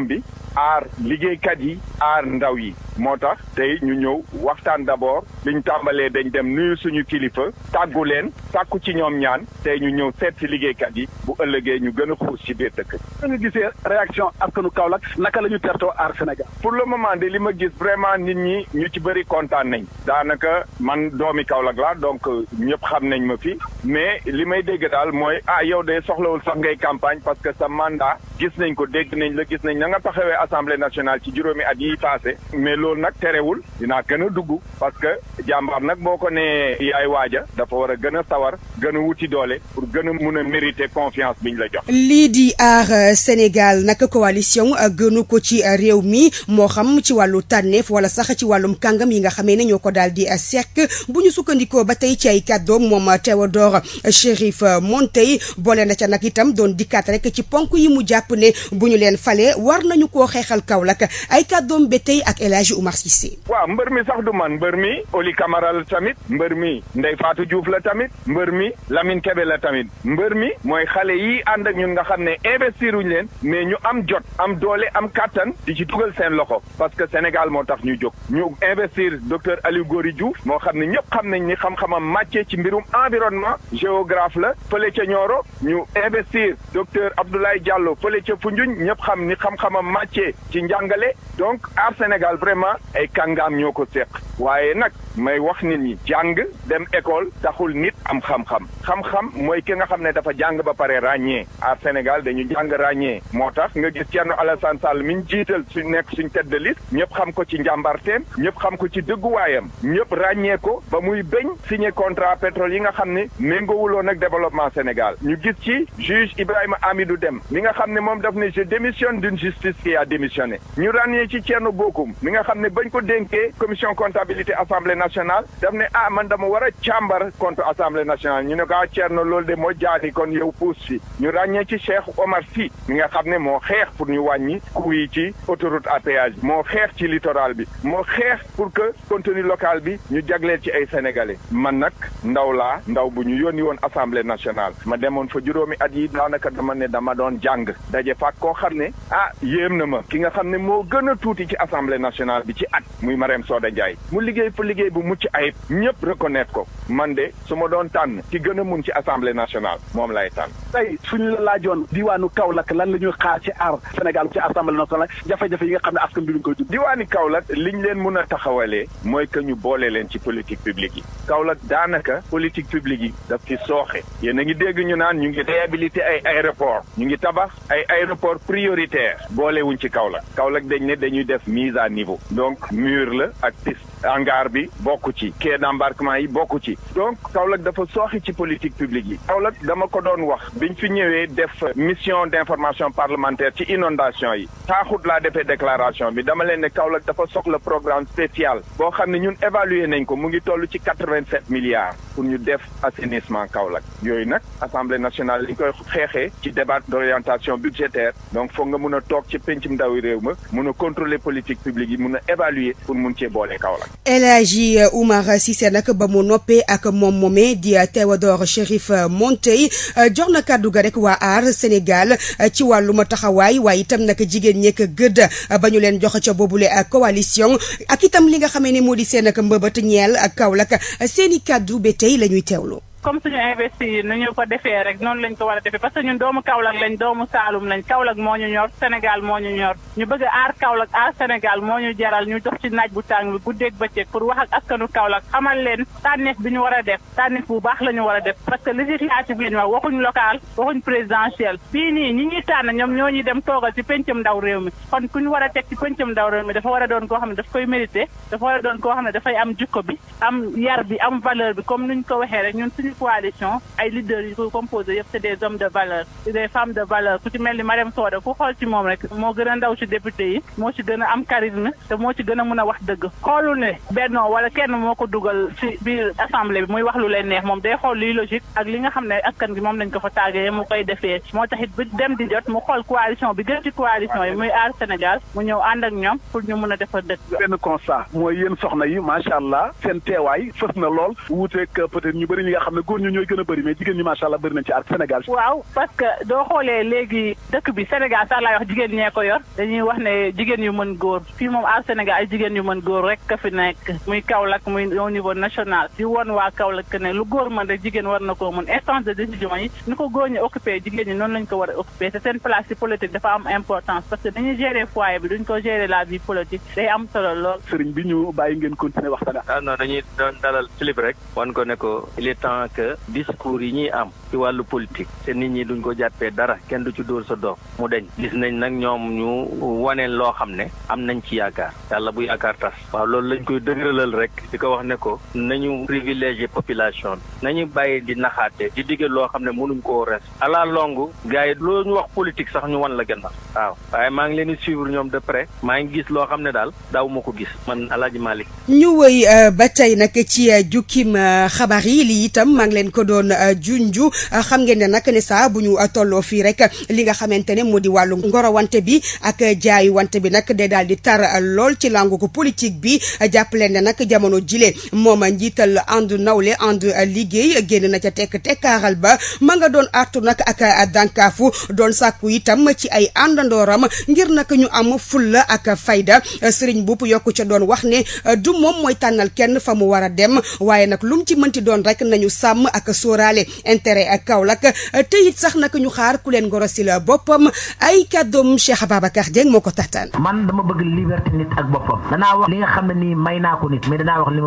bi aar liggéeykat yi aar ndaw yi moo tax tey ñu ñëw waxtaan d'abord liñ tàmbalee dañ dem nuyu suñu kilifa tàggu leen tàkku ci ñoom ñaan tey ñu ñëw seet si liggéeykat yi bu ëllëgee ñu gën a xuus ci biir dëkk bi. nga gisee réaction askanu Kaolack naka la ñu tertoo aar Sénégal. pour le moment de li ma gis vraiment nit ñi ñu ci bëri kontaan nañ. daanaka man doomi Kaolack laa donc ñëpp xam nañ ma fii mais li may dégg daal mooy ah yow de soxlawul sax ngay campagne parce que sa mandat gis nañ ko dégg nañ la gis nañ na nga taxawee assemblée nationale ci juróomi at yi loolu nag terewul dinaa gën dugg parce que jàmbaar nag boo ko nee yaay waaja dafa war a gën a sawar wuti doole pour gën a mun a mériter confiance bi ñu la jox. lii di aar euh, Sénégal nag coalition euh, gënu ko ci euh, réew mi moo xam ci wàllu tànneef wala sax ci wàllum kàngam yi nga xamee ne ñoo ko daal di sekk bu ñu sukkandikoo ba tey ci ay kàddoom moom Théodore moon Montey boole na ca nag itam doon dikkaat rek ci ponk yi mu jàpp ne bu ñu leen falee war nañu koo xeexal Kaolack ay kàddoom ba tey ak El Oumar waaw mbër mi sax du man mbër mi Oli Camara la tamit mbër mi Ndeye Fatou Diouf la tamit mbër mi Lamine Kebe la tamit mbër mi mooy xale yi ànd ak ñun nga xam ne investir wuñ leen mais ñu am jot am doole am kàttan di ci dugal seen loxo parce que Sénégal moo tax ñu jóg ñu investir docteur Aliou Gory Diouf moo xam ne ñëpp xam nañ ni xam-xamam màccee ci mbirum environnement géographe la fële ca Nioro ñu investir docteur Abdoulaye Diallo fële ca Foundiougne ñëpp xam ni xam-xamam màccee ci njàngale vraiment ay kàngaam ñoo ko seq waaye nag may wax nit ñi jàng dem école taxul nit am xam-xam xam-xam mooy ki nga xam ne dafa jàng ba pare ràññee a Sénégal dañu jàng ràññee moo tax nga gis Thierno Alassane Sall mi ñu jiital suñ nekk suñ tête de liste ñëpp xam ko ci njàmbarteem ñëpp xam ko ci dëgguwaayam ñëpp ràññee ko ba muy bañ signé contrat pétrole yi nga xam ne méngoowuloon ak développement Sénégal ñu gis ci juge Ibrahima Amidou dem mi nga xam ne moom daf ne je démissionne d'une justice qui a ci Thierno xam ne bañ ko dénkee commission comptabilité assemblée nationale daf ne ah man dama war a càmbar compte assemblée nationale ñu ne ko ah, na loolu de moo jaadi kon yow puus si ñu ràññee ci Cheikh Omar Sy mi nga xam ne moo xeex pour ñu wàññi coût yi ci autoroute à péage moo xeex ci littoral bi moo xeex pour que contenu locale bi ñu jagleel ci ay sénégalais man nag ndaw laa ndaw bu ñu yónni woon assemblée nationale ma demoon fa juróomi at yi daanaka dama ne dama doon jàng daje faak koo xam ne ah yéem na ma ki nga xam ne moo gën a tuuti ci assemblée nationale bi ci at muy Marème Soda Ndiaye mu liggéey fa liggéey bu mucc ayib ñëpp reconnaître ko man de su ma doon tànn ci gën a mun ci assemblée nationale moom lay tànn. tey suñu la laajoon diwaanu Kaolack lan la ñuy xaar ci aar Sénégal ci assemblée nationale jafe-jafe yi nga xam ne askan bi duñ koy dund. diwaani Kaolack liñ leen mun a taxawalee mooy que ñu boole leen ci politique publique yi Kaolack daanaka politique publique yi daf ci sooxee yéen a ngi dégg ñu naan ñu ngi réhabilité ay aéroport ñu ngi tabax ay aéroport prioritaire boolewuñ ci Kaolack Kaolack dañ ne dañuy def mise à niveau donc mur la ak piste hangar bi bokk ci quai d'embarquement yi bokk ci donc Kaolack dafa sooxi ci politique publique yi Kaolack dama ko doon wax biñ fi ñëwee def mission d'information parlementaire ci inondation yi taaxut laa defee déclaration bi dama leen ne Kaolack dafa soxla programme spécial boo xam ne ñun évaluer nañ ko mu ngi toll ci quatre-vingt-sept milliards pour ñu def assainissement Kaolack yooyu nag assemblée nationale li koy xeexee ci débat d'orientation budgétaire donc foog nga mun a toog ci péncum ndawi réew ma mun a contrôler politique publique yi mun a évaluer pour mun cee boole Kaolack El Hadji euh, Oumar Cissé nag ba mu noppee ak moom moomee di euh, Théodore Chérif euh, Montey jox na kàddu ga rek waa aar Sénégal ci wàllum taxawaay waaye itam nag jigéen ñekk gëdd ba ñu leen jox ca boobule coalition ak itam li nga xamee ne moo di seen ak mbëbët ñeel ak Kaolack seeni kàddu be tey la ñuy teewlu. comme suñu investir nu ñu ko defee rek noonu lañ ko war defee parce ñun doomu Kaolack lañ doomu Saalum lañ Kaolack moo ñu ñor Sénégal moo ñu ñor ñu bëgg a aar Kaolack aar Sénégal moo ñu jaral ñu dox ci naaj bu tàng bi guddeeg bëccëg pour wax ak askanu Kaolack xamal leen tànneef bi ñu war a def tànneef bu baax la ñu war a def parce que législative lañu wax waxuñ local waxuñ présidentiel bii nii ñi ñuy tànn ñoom ñoo ñuy dem toogal ci pencum ndaw réew coalition ay leaders yu ko composé yëpp c'est des hommes de valeur des femmes de valeur ku ci mel ni Mariam Soda ku xool ci moom rek moo gën a ndaw ci député yi moo ci gën a am charisme te moo ci gën a mën a wax dëgg xoolul ne bennoo wala kenn moo ko dugal ci biir assemblée bi muy wax lu leen neex moom day xool liy logique ak li nga xam ne askan gi moom lañ ko fa tàggee mu koy defee moo taxit bu dem di jot mu xool coalition bi gën ci coalition a góor ñi ñooy gën a bëri mais jigéen ñi macha allah bëri nañ ci arc Sénégal. waaw parce que doo xoolee léegi dëkk bi Sénégal sax laay wax jigéen ñee ko yor dañuy wax ne jigéen yu mën góor fii moom arc Sénégal jigéen yu mën góor rek ka nekk muy Kaolack muy au national di won waa Kaolack ne lu góor mën rek jigéen war na koo mën instance de décision yi ni ko góor ñi occupé jigéen ñi noonu lañ ko war a occupé seen place ci politique dafa am importance seulement que discours yi ñuy am ci wàllu politique te nit ñi duñ ko jàppee dara kenn du ci dóor sa doom mu deñ gis nañ nag ñoom ñu waneen loo xam ne am nañ ci yaakaar yàlla bu yaakaar tas waaw loolu lañ koy dëgëralal rek di ko wax ne ko nañu privilégier population bi nañu bàyyi di naxaate di digge loo xam ne mënuñ koo res à la longue gars yi loo ñu wax politique sax ñu wan la gannaaw waaw waaye maa ngi leen di suivre ñoom de près maa ngi gis loo xam ne daal daaw ma ko gis man Alaaji Malick ñu euh, maa ngi ko doon euh, junju euh, xam ngeen ne nag ne saa bu ñu euh, tolloo fii rek li nga xamante ne moo di wàllu ngoro wante bi ak jaayu wante bi nag day daal di tar lool ci langu ko politique jàpp leen ne nag jamono jile moom njiital àndu nawle àndu liggéey génn na ca tekk tekkaaral ba ma nga doon artu nag ak dànkaafu doon sàkku itam ci ay àndandooram ngir nag ñu am fulla ak fayda sëriñ bupp yokku ca doon wax ne du moom mooy tànnal kenn fa mu war a dem waaye nag lu ci mënti doon rek nañu sa sàmm ak sóoraale intérêt ak Kaolack te it sax nag ñu xaar ku leen ngoro si la boppam ay kàddoom Cheikh Ababacar Dieng moo ko tataan man dama bëgg liberté nit ak boppam danaa wax ma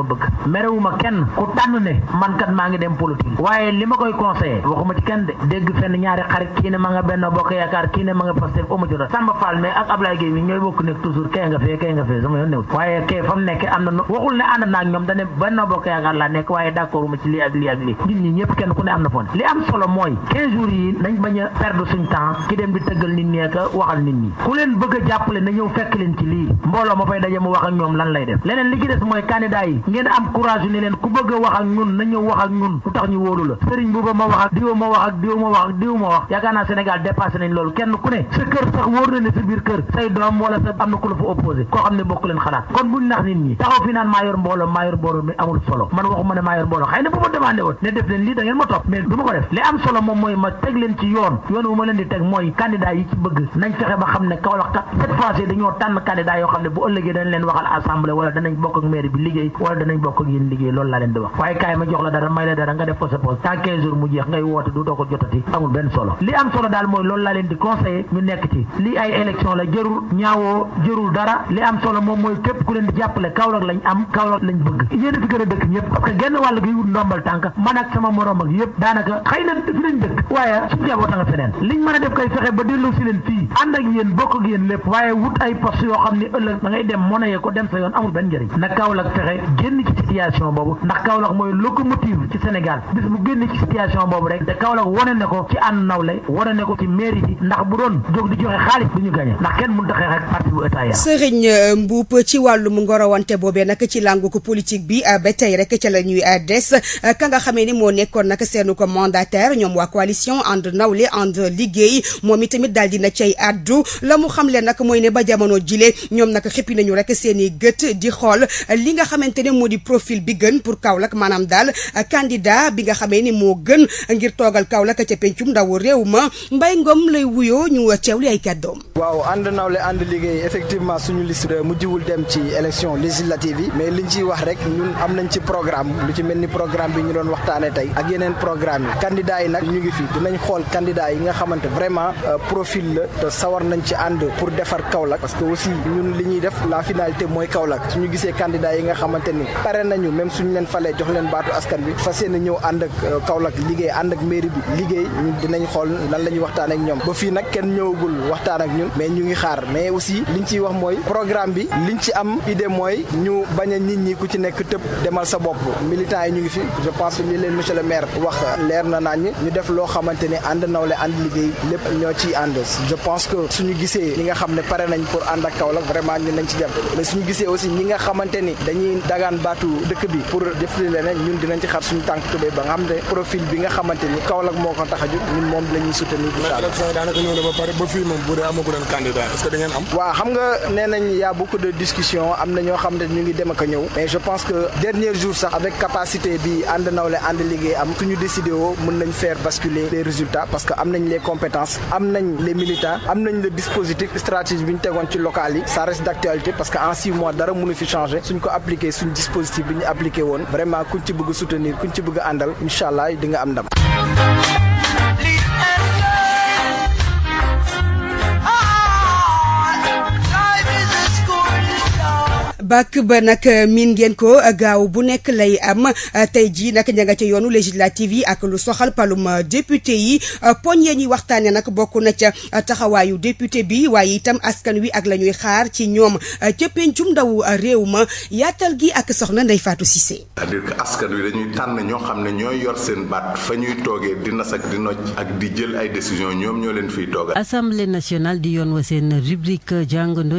bëgg merewuma kenn ku tànn ne man kat maa ngi dem politique waaye li ma koy conseillé waxuma ci kenn de dégg fenn ñaari xarit kii ne ma nga benn bokk yaakaar kii ne ma nga Pastef oma jota Samba Fall mais ak Ablaye ñooy bokk nekk toujours kay nga fee kay sama yoon newut waaye ne bi nit ñi ñëpp kenn ku ne am na fone li am solo mooy 15 yi nañ bañ a perdre suñ temps ki dem di tëggal nit ñee ka waxal nit ñi ku leen bëgg a jàppale na ñëw fekk leen ci lii mbooloo ma fay daje wax ak ñoom lan lay def leneen li ci des mooy candidat yi ngeen am courage yu ne leen ku bëgg a wax ak ñun na ñëw wax ak ñun lu tax ñu wóolu la sëriñ buuba ma wax ak diw wax ak diw wax ak Sénégal dépassé nañ loolu kenn ku ne sa kër sa biir ne def leen topp mais du ko def li am solo moom mooy ma teg leen ci yoon yoon wu ma leen di teg mooy candidat yi ci bëgg nañ fexe ba xam ne Kaolack kat cette la dara may la dara nga def ko sa poos tant quinze jours mu jeex ngay woote du doo ko jotati amul benn mooy loolu laa leen di di jàppale Kaolack lañ am Kaolack lañ fi gën a dëkk ñëpp parce que genn wàll gi wut ndombal tànk man ak sama morom ak yëpp daanaka xëy na fi lañ dëkk waaye suñu jaboota nga feneen liñ mën a def koy fexe ba dellu si leen fii ànd ak yéen bokk ak yéen lépp waaye da ngay dem monnaie ko dem sa yoon amul benn njëriñ na Kaolack fexe génn ci situation boobu ndax Kaolack mooy locomotive ci Sénégal bis bu génn ci situation boobu rek ndax kenn mënut a xeex parti bu état sëriñ euh, Mbuup ci wàllum ngorowante boobee nag ci làngu ko politique bi euh, ba tey rek ca la ñuy euh, ka nga xam xamee moo nekkoon nag seenu ko mandataire ñoom waa coalition ànd nawle ànd liggéey moom itamit daal dina cay addu la mu xam leen nag mooy ne ba jamono jile ñoom nag xippi nañu rek seen i gët di xool li nga xamante ne moo di profil bi gën pour Kaolack maanaam daal candidat bi nga xamee ni moo gën ngir toogal Kaolack ca pencum ndawu réew ma mbay ngoom lay wuyoo ñu teewli ay kàddoom. waaw ànd nawle ànd liggéey effectivement suñu liste mujjiwul dem ci élection législative yi mais liñ ciy wax rek ñun am nañ ci programme lu ci mel ni programme bi ñu doon waxtaan waxtaanee tey ak yeneen programme yi candidats yi nag ñu ngi fi dinañ xool candidats yi nga xamante vraiment euh, profil la te sawar nañ ci ànd pour defar Kaolack parce que aussi ñun li ñuy def laa finalité mooy Kaolack ñu gisee candidats yi nga xamante ni pare nañu même suñu leen falee jox leen baatu askan bi fas yéene ñëw ànd ak euh, Kaolack liggéey ànd ak mairie bi liggéey dinañ xool lan la ñuy waxtaan ak ñoom ba fii nag kenn ñëwagul waxtaan ak ñun mais ñu ngi xaar mais aussi liñ ciy wax mooy programme bi liñ ci am idée mooy ñu bañ a nit ñi ku ci nekk tëb demal sa bopp li leen monsieur le maire wax leer na nañ ñu def loo xamante ànd nawle ànd liggéey lépp ñoo ciy ànd je pense que suñu gisee ñi nga xam ne pare nañ pour ànd ak Kaolack vraiment ñun dinañ ci xar suñu tànk tubéy ba nga xam ne profil bi nga xamante ni moo ko tax a jóg ñun moom la ñuy soutenir daanaka ñëw na ba pare ba fii moom bu dee amagu leen candidat est que da am waaw xam nga nee nañ y a beaucoup de discussion am na ñoo xam a ànd liggéey am suñu décidé woo mën nañ faire basculer les résultats parce que am nañ les compétences am nañ les militants am nañ le dispositif stratégie bi ñu tegoon ci local yi ça reste d' parce que en six mois dara mënu fi changé suñ ko appliqué suñ dispositif bi ñu appliqué woon vraiment kuñ ci bëgg soutenir kuñ ci bëgg àndal incha allah di nga am ndam bàkk ba nag euh, miin ngeen ko euh, gaaw bu nekk lay am euh, tey jii nag ña nga ca yoonu législative yi ak lu soxal palum député yi poñ yee ñuy waxtaanee nag bokk na ca taxawaayu député bi waaye itam askan wi ak lañuy xaar ci ñoom ca pencum ndaw réew ma yaatal gi ak soxna Ndeye Fatou Cissé. cest askan wi dañuy tànn ñoo xam ne ñooy yor seen baat fa ñuy toogee di nas di noj ak di jël ay décision ñoom ñoo leen fiy toogal. assemblée nationale di yoon wa seen rubrique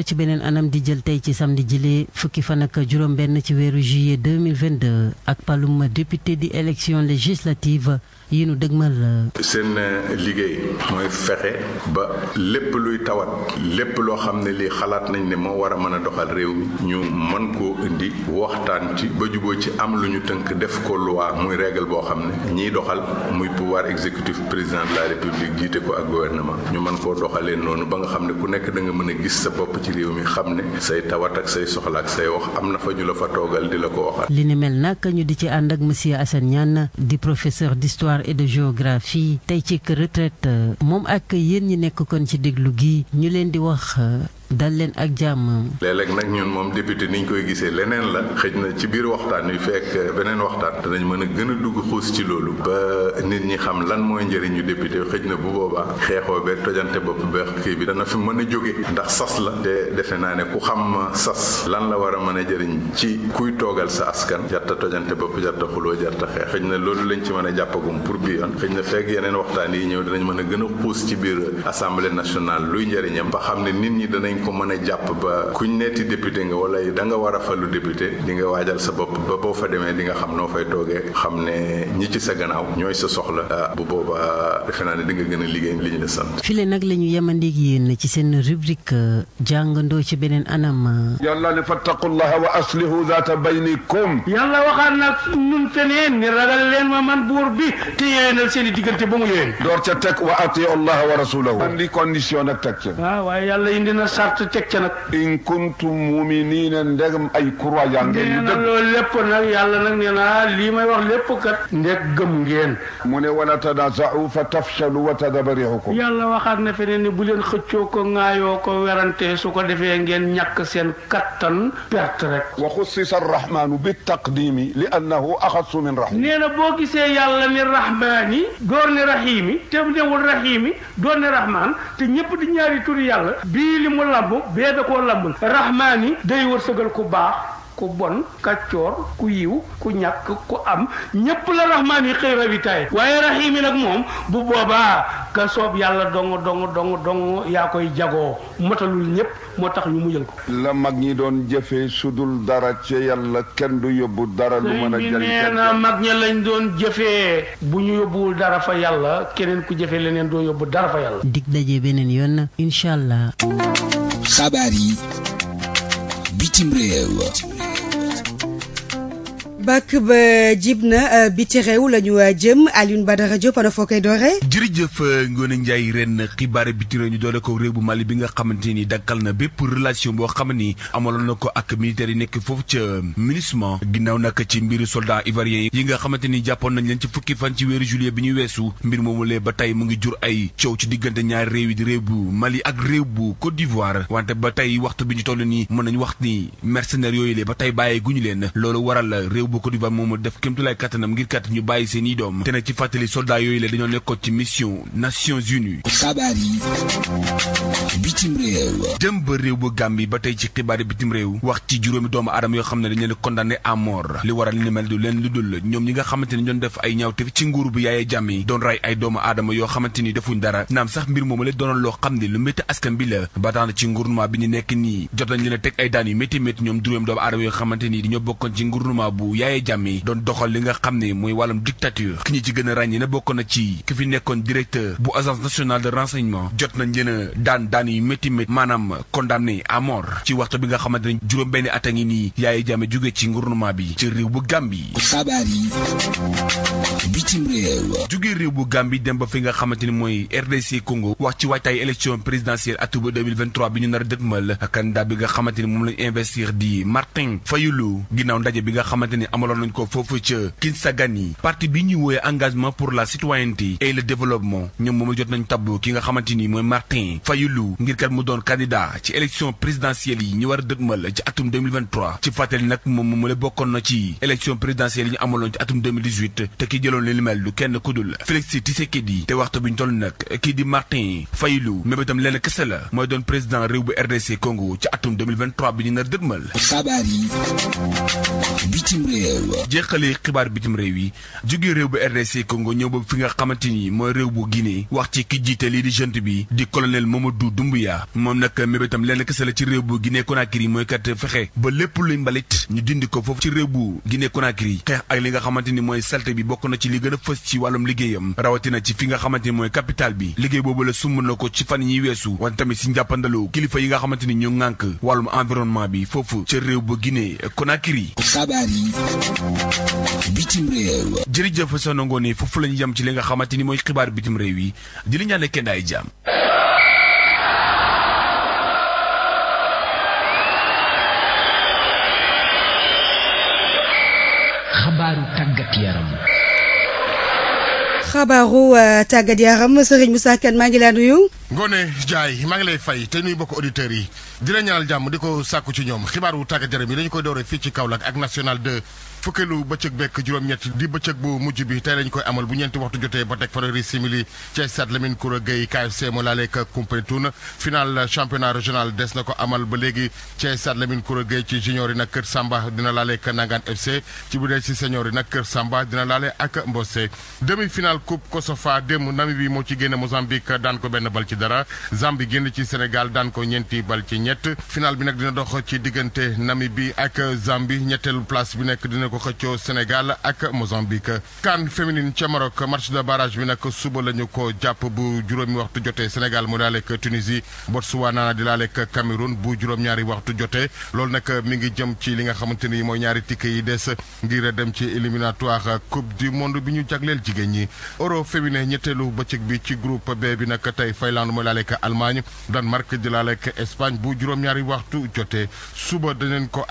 ci beneen anam di jël tey ci samedi jëlee. fukki fan ak juróom benn ci weeru juillet 2022 ak palum député di élection législative yi nu dëgmal. Euh, seen euh, liggéey mooy fexe ba lépp luy tawat lépp loo xam ne lii xalaat nañ ne moo war a mën a doxal réew mi ñu mën koo indi waxtaan ci ba juboo ci am lu ñu tënk def ko loi muy règle boo xam ne ñiy doxal muy pouvoir exécutif président de la république jiite ko ak gouvernement ñu mën koo doxalee noonu ba nga xam ne ku nekk da nga mën a gis sa popp ci réew mi xam ne say tawat ak say soxla ak say wax am na fa ñu la fa toogal di la ko waxal. d'histoire et de géographie tey ci retraite moom ak yéen ñi nekk kon ci déglu gi ñu leen di wax euh, dal leen ak jàmm. léeg nag ñun moom ni niñ koy gisee leneen la xëj na ci biir waxtaan wi fekk beneen waxtaan danañ mën a gën a dugg xuus ci loolu ba nit ñi xam lan mooy njëriñu député xëj na bu boobaa xeexoo beeg tojante bopp beeg kii bi dana fi mën a jóge ndax sas la te naa ne ku xam sas lan la war a mën a jëriñ ci kuy toogal sa askan jarta tojante bopp jarta xuloo jarta xeex xëj na loolu lañ ci mën a jàppagum pour bi yoon xëj na fekk yeneen waxtaan yi ñëw danañ mën a gën a xuus ci biir assemblée nationale luy njëriñam ba xam ne nit ñi danañ ko mën a jàpp ba kuñ da nga a falu député di nga waajal sa bopp boo fa demee di nga xam noo fay toogee xam ne ñi ci sa gannaaw ñooy sa soxla ah, bu boobaa defe naa ne di nga gën a liggéey li ñu la sant. file nag la ñu yemandeeg yéen ci seen rubrique jàngandoo ci beneen anam. yàlla ne fattaqullaha wa aslihu zaata baynikum. yàlla waxaat nag ñun feneen ni ragal leen ma man buur bi te yéenal seen diggante ba mu yéen. door ca teg wa atiyu allaha wa rasulahu. andi condition nag teg ca. waaw na sart charte teg ca nag. in kuntum muminina ndegam ay croix yaa ngeen. dëgg loolu lépp nag yàlla nag nee naa lii may wax lépp kat. ndeg gëm ngeen. mu ne wala tanaaza'u fa tafshalu wa tadhhaba riihukum. yàlla waxaat na feneen ni bu leen xëccoo ko ŋaayoo ko werante su ko defee ngeen ñàkk seen kattan perte rek. wa xussisa arrahmaanu bi taqdiimi li annahu axassu min rahim. nee na boo gisee yàlla ni rahmaani. door ni rahimi. te newul rahimi. door ni rahmaan te ñëpp di ñaari turi yàlla. bii li mu la lamb bee da koo lambul rahmaani day wërsëgal ku baax ku bon kàccoor ku yiw ku ñàkk ku am ñépp la rahmaan yi xëy rawitaay waaye rahim nag moom bu boobaa ka soob yàlla dong dong dong dong yaa koy jagoo matalul ñépp moo tax ñu mujjal ko la mag ñi doon jëfe dul dara ci yàlla kenn du yóbbu dara lu mën a jëriñ nee na ña doon jëfee bu ñu yóbbuwul dara fa yàlla keneen ku jëfee leneen doo yóbbu dara fa yàlla dig daje beneen yoon incha allah xabaar yi bitim réew bàkk ba jib na euh, biti réew la ñu euh, jëm Alioune Badara Diop ana foo koy dooree. jërëjëf euh, Ngone Ndiaye ren xibaar biti réew ñu doole ko réew bu Mali bi nga xamante ni dakkal na bépp relation boo xam ni amaloon na ko ak militaire yi nekk foofu ca MINUSMA ginnaaw nag ci mbiru soldat ivoirien yi nga xamante ni jàppoon nañ leen ci fukki fan ci weeru juillet bi ñuy weesu mbir moomu lee ba tey mu ngi jur ay coow ci diggante ñaari réew yi di réew bu Mali ak réew bu Côte d'Ivoire wante ba tey waxtu bi ñu toll nii mën nañu wax ni mercenaires yooyu lee ba tey bàyyi leen loolu waral réew bu Côte d'Ivoire moom def kémtulaay kattanam ngir kat ñu bàyyi seen i doom te nag ci ba réew bu Gambie ba tey ci xibaari bitim réew wax ci juróomi doomu aadama yoo xam ne dañ leen condamné à mort li waral ni mel du ñoom ñi nga xamante ni ñoon def ay ñaawte ci nguur bu yaayee jàmmi doon ray ay doomu aadama yoo ni defuñ dara naam sax mbir moomu la doonoon loo xam ne lu métti askan bi la ba tax na ci gouvernement bi ñu nekk nii jot nañ leen a teg ay daan yu métti métti ñoom juróomi doomu aadama yoo xamante ni dañoo bokkoon ci gouvernement bu Yaya Jammeh doon doxal li nga xam ne mooy wàllum dictature ki ñu ci gën a ràññee na bokk na ci ki fi nekkoon directeur bu agence nationale de renseignement jot na leen a daan daan yu métti métti maanaam condamné à mort ci waxtu bi nga xamante ne juróom benn at a ngi nii Yaya Jammeh jóge ci gouvernement bi ci réew bu Gambie. xabaar yi bitim réew. jóge réew bu Gambie dem ba fi nga xamante ni mooy RDC Congo wax ci waajtaay élection présidentielle atub 2023 bi ñu nar a dëgmal candidat bi nga xamante ni moom lañ investir di Martin Fayulu amaloon nañ ko foofu ca Kinsangani parti bi ñuy woowee engagement pour la citoyenneté et le développement ñoom moom jot nañ tabbu ki nga xamante ni mooy Martin Fayulu ngir kat mu doon candidat ci élection présidentielle yi ñu war a dëtmal ci atum 2023 ci fàttali nag moom mu la bokkoon na ci élection présidentielle yi ñu amaloon ci atum te ki jëloon li mel du kenn kudul Félix Tshisekedi te waxtu bi ñu toll nag kii di Martin Fayulu mébétam lenn mooy doon président réew bu RDC Congo ci atum 2023 jéqale xibaar bitim réew yi jóge réew bu RDC Congo ñëw ba fi nga xamante ni mooy réew bu Guinée wax ci ki jiite lii di junte bi di colonel Mamadou Doumbouya moom nag mébétam lenn kese la ci réew bu Guinée Conakry mooy kat fexe ba lépp luy mbalit ñu dindi ko foofu ci réew bu ginee Conakry xeex ak li nga xamante ni mooy salte bi bokk na ci li gën a fës ci wàllum liggéeyam rawatina ci nga xamante ni mooy capital bi liggéey boobu la sumb na ko ci fan yi weesu wante tamit si njàppandalu kilifa yi nga xamante ni ñu ŋànk wàllum environnement bi foofu ca réew bitim réew. jërëjëf sa nangoo ne foofu la ñu yem ci li nga xamante ni mooy xibaar bitim réew yi di li ñaan kenn ay jàmm. xabaaru euh, tàggat yaram sëriñ Moussa Kane maa ngi laa nuyu. Ngone Ndiaye maa ngi lay fay te nuyu bokk auditeurs yi di la ñaanal jàmm di ko sàkku ci ñoom xibaaru tàggat yaram yi dañu ko dooree fii ci Kaolack ak national 2. fukkeelu bëccëg bekk juróom-ñett di bëccëg bu mujj bi tey lañ koy amal bu ñeenti waxtu jotee ba teg fanweeri simili ci stade Lamine Koura Gueye KFC mu laaleeg Koumpentoum final championnat régional des na ko amal ba léegi ci stade Lamine Koura ci junior yi Kër Samba dina laaleeg Nangaan FC ci bu dee ci senior yi Kër Samba dina laale ak Mbossé demi final coupe Kosofa démb Namibie moo ci génne Mozambique daan ko benn bal ci dara Zambie génn ko xëccoo Sénégal ak Mozambique CAN féminine ca Maroc match de barrage bi nag suba la ñu ko jàpp bu juróomi waxtu jotee Sénégal mu laalek Tunisie Botswana di laalek Cameroun bu juróom-ñaari waxtu jotee loolu nag mi ngi jëm ci li nga xamante ni mooy ñaari tikk yi des ngir dem ci éliminatoire coupe du monde bi ñu jagleel jigéen ñi euro féminin ñetteelu bëccëg bi ci groupe B bi nag tey Finlande mooy laalek Allemagne Danemark di laalek Espagne bu juróom-ñaari waxtu jotee suba danañ ko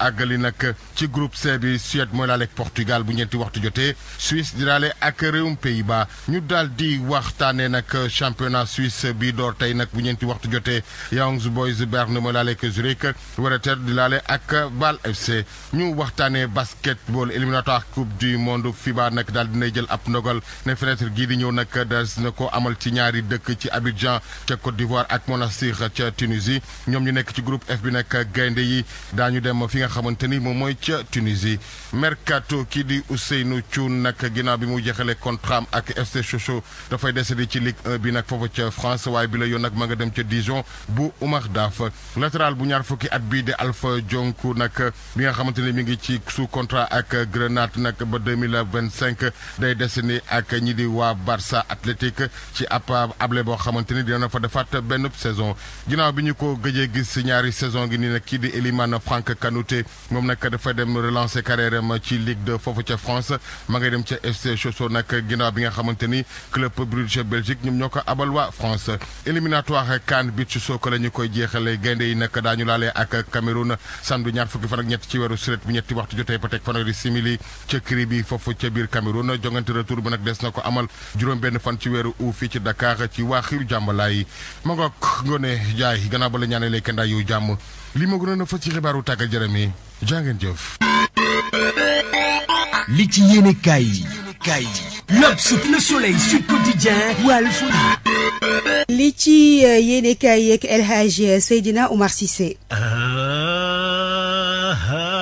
laale ak Portugal bu ñetti waxtu jotee Suisse di laale ak réewum pays ba ñu daal di waxtaanee nag championnat Suisse bi door tey nag bu ñeenti waxtu jotee Young Boys Berne moo laale ak Zurich Wrexham di laale ak Bâle FC ñu waxtaanee basketball éliminatoire coupe du monde FIBA nag daal dinay jël ab ndogal ne fenêtre gii di ñëw nag des na ko amal ci ñaari dëkk ci Abidjan ca Côte d'Ivoire ak Monastir ca Tunisie ñoom ñu nekk ci groupe F bi nag gaynde yi daañu dem fi nga xamante ni moom mooy ca Tunisie mercato kii di Ousseynou Thioune nag ginnaaw bi mu jeexalee contrat ak FC Sochaux dafay desandi ci Ligue 1 bi nag foofu ca France waaye bi la yoon nag ma nga dem ca Dijon bu Oumar Daf latéral bu ñaar fukki at bii di Alpha Dionkou nag bi nga xamante ne mi ngi ci su contrat ak Grenade nag ba deux mille vingt cinq day desandi ak ñi di waa Barça Athletic ci ab able boo xamante ni dina fa defaat benn saison ginnaaw bi ñu ko gëjee gis ñaari saison gi nii nag kii di Elimane Franck Kanouté ci Ligue 2 foofu ca France ma ngay dem ca FC Sochaux nag ginnaaw bi nga xamante ni club Bruges Belgique ñoom ñoo ko abal waa France éliminatoire CAN bi ci soo ko la ñu koy jeexale gaynde yi nag daañu laalee ak Cameroun samedi ñaar fukki fan ak ñett ci weeru sulet bi ñetti waxtu jotee patek fanweeri simili ca kiri bi foofu ca biir Cameroun jongante retour bi nag des na ko amal juróom benn fan ci weeru août fii ci Dakar ci waa xiru jàmbalaay ma ngoog Ngoné Ndiaye gannaaw ba la ñaanalee kenn li ma gënoon a fa ci xibaaru li ci yéene kaay yi kaay yi L'Obs, Le Soleil, Sud Quotidien, Walf li ci euh, yéene kaay yeeg El Hadj euh, Seydina Omar Cissé ah.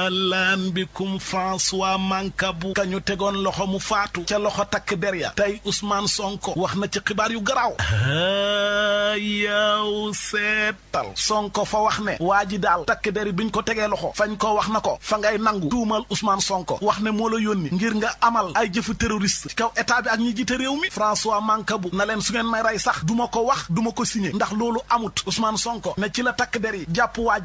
laan bikum François Mancabou ka ñu tegoon loxo mu faatu ca loxo takk der ya tey usmaan Sonko wax na ci xibaar yu garaaw yow seetal Sonko fa wax ne waa ji daal takk der yi biñ ko tegee loxo fañ ko wax na ko fa ngay nangu duumal Ousmane Sonko wax ne moo la yónni ngir nga amal ay jëfu terroriste ci kaw état bi ak ñi jiite réew mi François Mancabou na leen su ngeen may rey sax duma ko wax duma ko signé ndax loolu amut Ousmane Sonko ne ci la takk der yi jàpp waa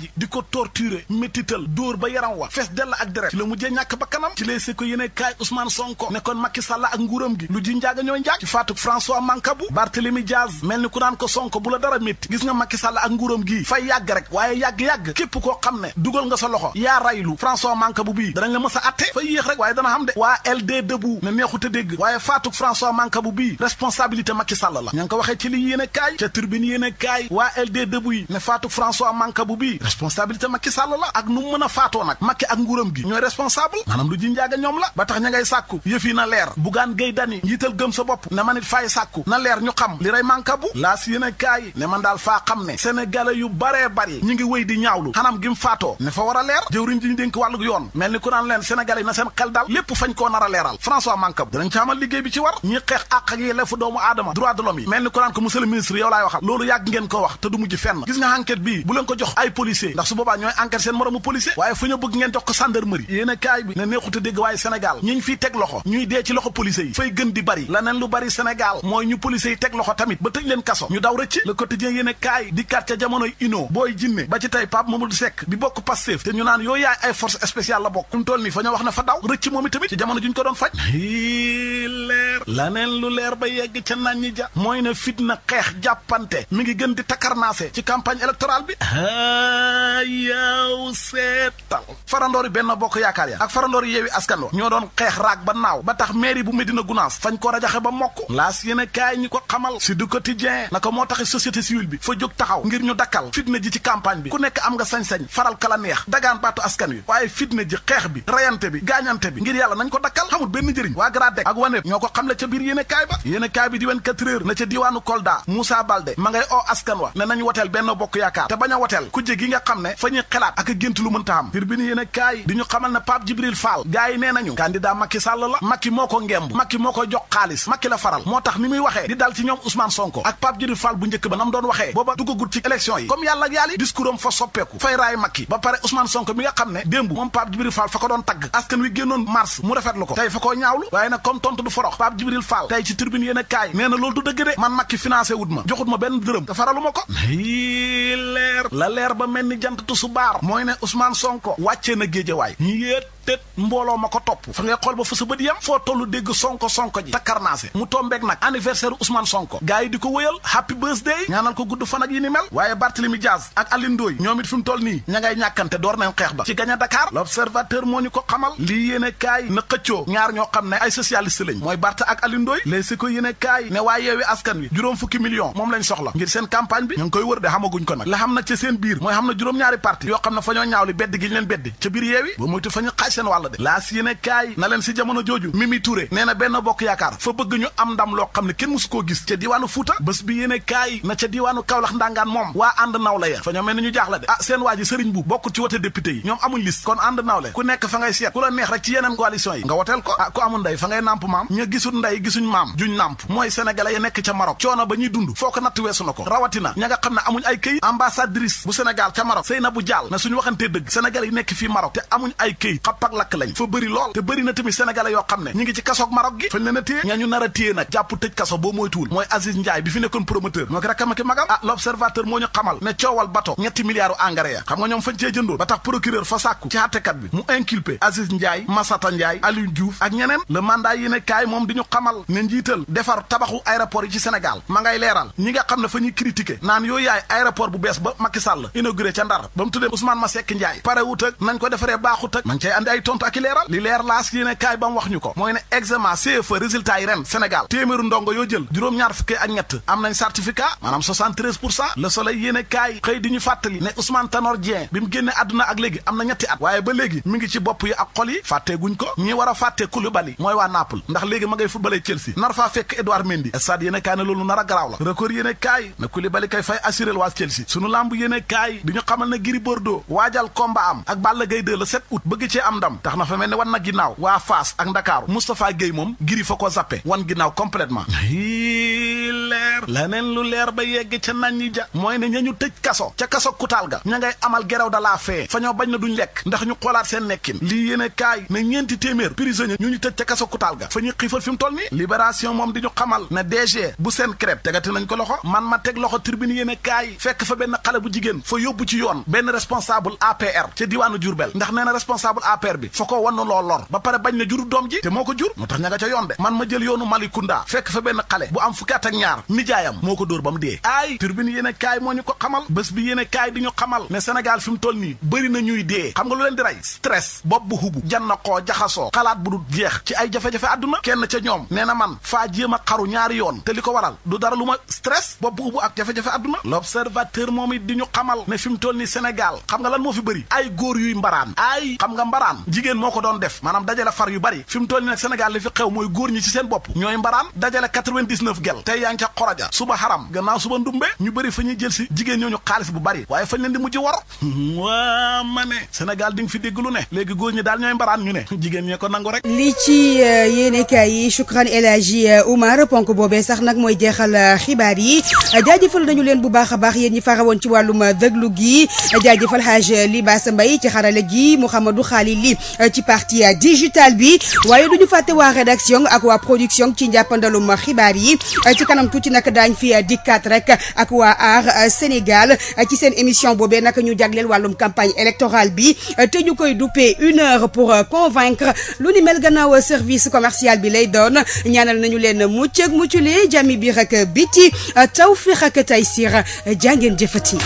fees dell ak deret ci la mujjee ñàkk ba kanam ci lees ko yéene kaay Ousmane Sonko nekkoon Macky Sall ak nguuram gi lu ji njaaga ñooy njaag ci faatuk François Mancabou Barthélemy Diaz mel ni ku la dara métti gis nga Macky Sall ak nguuram gii fay yàgg rek waaye yàgg-yàgg képp koo xam ne dugal nga sa loxo yaa raylu François Mancabou bii danañ la mës a atte fay yéex rek waaye dana xam de waa LD debout ne neexute dégg waaye faatuk François Mancabou la ña ngi ko waxee ci li yéene kaay ca turbine yéene kaay waa LD debout yi ne faatuk François Mancabou bii responsabilité Macky Sall la ak nu mën a faatoo nag ci ak nguuram gi ñooy responsable maanaam lu ji ñoom la ba tax ña ngay na leer bugaan gay dani njiital gëm bopp ne man faay sàkku na leer ñu xam li ray manka bu a kaay ne man daal faa xam ne sénégalais yu baree ñi ngi wéy di ñaawlu xanam gi mu faatoo ne fa war a leer jëwriñ ji ñu dénk wàllug yoon mel ni ku naan leen sénégalais na seen xel daal fañ koo nar a leeral François Mankabu danañ ci liggéey bi ci war ñi xeex àq ak jox ko gendarmerie yéen a kaay bi ne neexut a dégg waaye fiy teg loxo ñuy dee ci loxo police yi fay gën di bari laneen lu bari Sénégal mooy ñu police yi teg loxo tamit ba tëj leen kaso ñu daw rëcc le quotidien yéen a kaay di kat ca jamonoy Inno booy jinne ba ci tey Pape Mamadou Seck bi bokk Pastef te ñu naan yooyu ay force spéciale la bokk ñu nii fa ñoo wax na fa daw rëcc moom tamit ci jamono juñ ko doon faj leer farandoor yi benn bokk yaakaar ya ak farandoor yi yeewi askan wa ñoo doon xeex raag ba naaw ba tax mairie bu Medina Gounass fañ ko rajaxe ba mokk laas yéene kaay ñi ko xamal si du quotidien naka moo tax société civile bi fa jóg taxaw ngir ñu dakkal fitna ji ci campagne bi ku nekk am nga sañ-sañ faral kala neex dagaan baatu askan wi waaye fitna ji xeex bi rayante bi gaañante bi ngir yàlla nañ ko dakkal xamul benn njëriñ waa Gradec ak Wanep ñoo ko xamle ca biir yéene kaay ba yéene kaay bi di 24 bokk yaakaar te a woteel ku jég yi nga xam ne fa ñuy xelaat ak gént lu mënta am kaay di ñu xamal na Pape Djibril Fall gars nee nañu candidat Macky Sall la Macky moo ko ngemb Macky moo ko jox xaalis Macky la faral moo tax ni muy waxee di dal ci ñoom Ousmane Sonko ak Pape Djibril Fall bu njëkk ba nam doon waxee booba duggagut ci élection yi comme yàlla ak yàlla discours soppeeku fay raay Macky ba pare Ousmane Sonko mi nga xam ne démb moom Pape Djibril Fall fa doon tagg askan wi génnoon mars mu rafetlu ko tey fa ñaawlu génn géejawaay tët mbooloo ko topp fa ngay xool ba fa sa bët yam foo tollu dégg sonko sonko ji takarnaase mu tombeek nag anniversaire Ousmane Sonko gars di ko wëyal happy birthday ñaanal ko gudd fan ak yi ni mel waaye Barthélemy Diaz ak Alioune Ndoye ñoom it nii ña ngay ñàkkante door xeex ba ci gañ a Dakar moo ñu ko xamal lii yéene kaay na xëccoo ñaar ñoo xam ne ay socialiste lañ mooy Barth ak Alioune Ndoye léeg si ko yéene kaay ne waa yeewi seen wàll de laas yéene kaay na leen si jamono jooju Mimi Touré nee na benn bokk yaakaar fa bëgg ñu am ndam loo xam ne kenn musu koo gis ca diiwaanu Fuuta bés bi yéene kaay na ca diiwaanu Kaolack ndangaan moom waa ànd nawle ya fa ñoo mel ni ñu jaaxle de ah seen waa ji sëriñ bu bokkul ci wote député yi ñoom amuñ liste kon nekk fa ngay seet ku la yeneen coalition yi nga woteel ko ah ku amul ndey fa ngay nàmp maam ña gisul ndey gisuñ maam juñ ca Maroc coono ba ñuy dund foo ko natt na ko rawatina ña xam ne amuñ ay këyit ambassadrice bu Sénégal ca Maroc Seynabou Dial na suñu waxante dëgg sénégalais yi nekk fii Maroc te amuñ ay këyit jàpp ak lakk lañ fa bëri lool te bëri na tamit sénégalais yoo xam ne ñi ngi ci kasoog Maroc gi fañ leen a ña ñu nar a téye nag tëj kaso boo moytuwul mooy Aziz Ndiaye bi fi nekkoon promoteur moo ki rakkam ak magam ah l'observateur moo ñu xamal ne coowal bato ñetti milliards u engrais nga ñoom fañ cee jëndoon ba tax procureur fa sàkku ci àttekat bi mu inculpé Aziz Ndiaye Massata Ndiaye Aliou Diouf ak ñeneen le mandat yi ne kaay moom di ñu xamal ne njiital defar ay tontu ak i leeral li laas yéene kaay ba wax ñu ko mooy ne examen CFEE résultat yi ren Sénégal ndongo yoo jël juróom-ñaar fukki ak ñett am nañ certificat maanaam 73 pour cent le kaay xëy di ñu fàttali ne Ousmane Tanor Dieng bi mu génne àdduna ak léegi am na ñetti at waaye ba léegi mi ngi ci bopp ak xol yi fàttee guñ ko ñi war a fàttee Koulibaly mooy waa Naples ndax léegi ma ngay footballé Chelsea nar faa fekk Edouard Mendy stade yéene kaay ne loolu nar ndam tax na fa mel ne ginnaaw waa Fass ak Ndakaaru Moustapha Guèye moom giri fa ko zappe wan ginnaaw complètement leer laneen lu leer ba yegg ca nañ ñi ja mooy ne ña ñu tëj kaso ca kaso kutaal ga ña ngay amal geraw da laa fee fa ñoo bañ na duñ lekk ndax ñu xoolaat seen nekkin lii yéene kaay ne ñeenti téeméer prisonnier ñu ñu tëj ca kaso kutaal ga fa ñuy xiifal fi toll nii libération moom di ñu xamal ne DG bu seen crêpe tegati nañ ko loxo man ma teg loxo tribune yéene kaay fekk fa benn xale bu jigéen fa yóbbu ci yoon benn responsable APR ca diwaanu Jurbel ndax nee na responsable affaire bi fa loo lor ba pare bañ na juru doom ji te moo ko jur moo tax ña nga ca yoon de man ma jël yoonu Malicounda fekk fa benn xale bu am fukki at ak ñaar nijaayam moo ko dóor ba mu dee aay turbine yéen kaay moo ñu ko xamal bés bi yéen kaay di ñu xamal ne Sénégal fi mu toll nii bëri na ñuy dee xam nga lu leen di rey stress bopp bu hubu koo jaxasoo xalaat bu jeex ci ay jafe-jafe àdduna kenn ca ñoom nee na man faa jéem a xaru ñaari yoon te li ko waral du dara lu ma stress bopp bu hubu ak jafe-jafe àdduna l'observateur moom it di ñu xamal ne fi mu toll nii Sénégal xam nga lan moo fi bëri ay góor yuy mbaraan ay xam nga mbaraan jigéen moo ko doon def maanaam dajale far yu bari fi mu toll nii nag Sénégal li fi xew mooy góor ñi ci seen bopp ñooy mbaraan dajale gel tey yaa ngi suba xaram gannaaw suba ndumbe ñu bëri fa ñuy jël si jigéen ñooñu xaalis bu bari waaye fañ leen di mujj war waa ma ne Sénégal fi dégg lu ne léegi góor ñi daal ñooy mbaraan ñu ne jigéen ñee ko nangu rek li ci euh, yéenekaay yi Choukran El Hadji euh, ponk boobee sax nag mooy jeexal euh, xibaar yi jaajëfal nañu leen bu baax a baax yéen ñi farawoon ci wàllum dëglu gi jaajëfal Haj Libaas Mbay ci xarale gi Mouhamadou Khalil li euh, ci partie euh, digitale bi waaye du ñu fàtte waa rédaction ak waa production ci njàppandalum xibaar yi euh, ci kanam tuuti nag daañ fi dikkaat rek ak waa aar Sénégal ci seen émission boobe naka ñu jagleel wàllum campagne électorale bi te ñu koy duppee une heure pour convaincre lu ni mel gannaaw service commercial bi lay doon ñaanal nañu leen mucc ak muccule jàmmi biir ak biti taw fiix ak tey siir jàngeen jëfati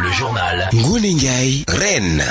Le journal Ngoné Ndiaye Reine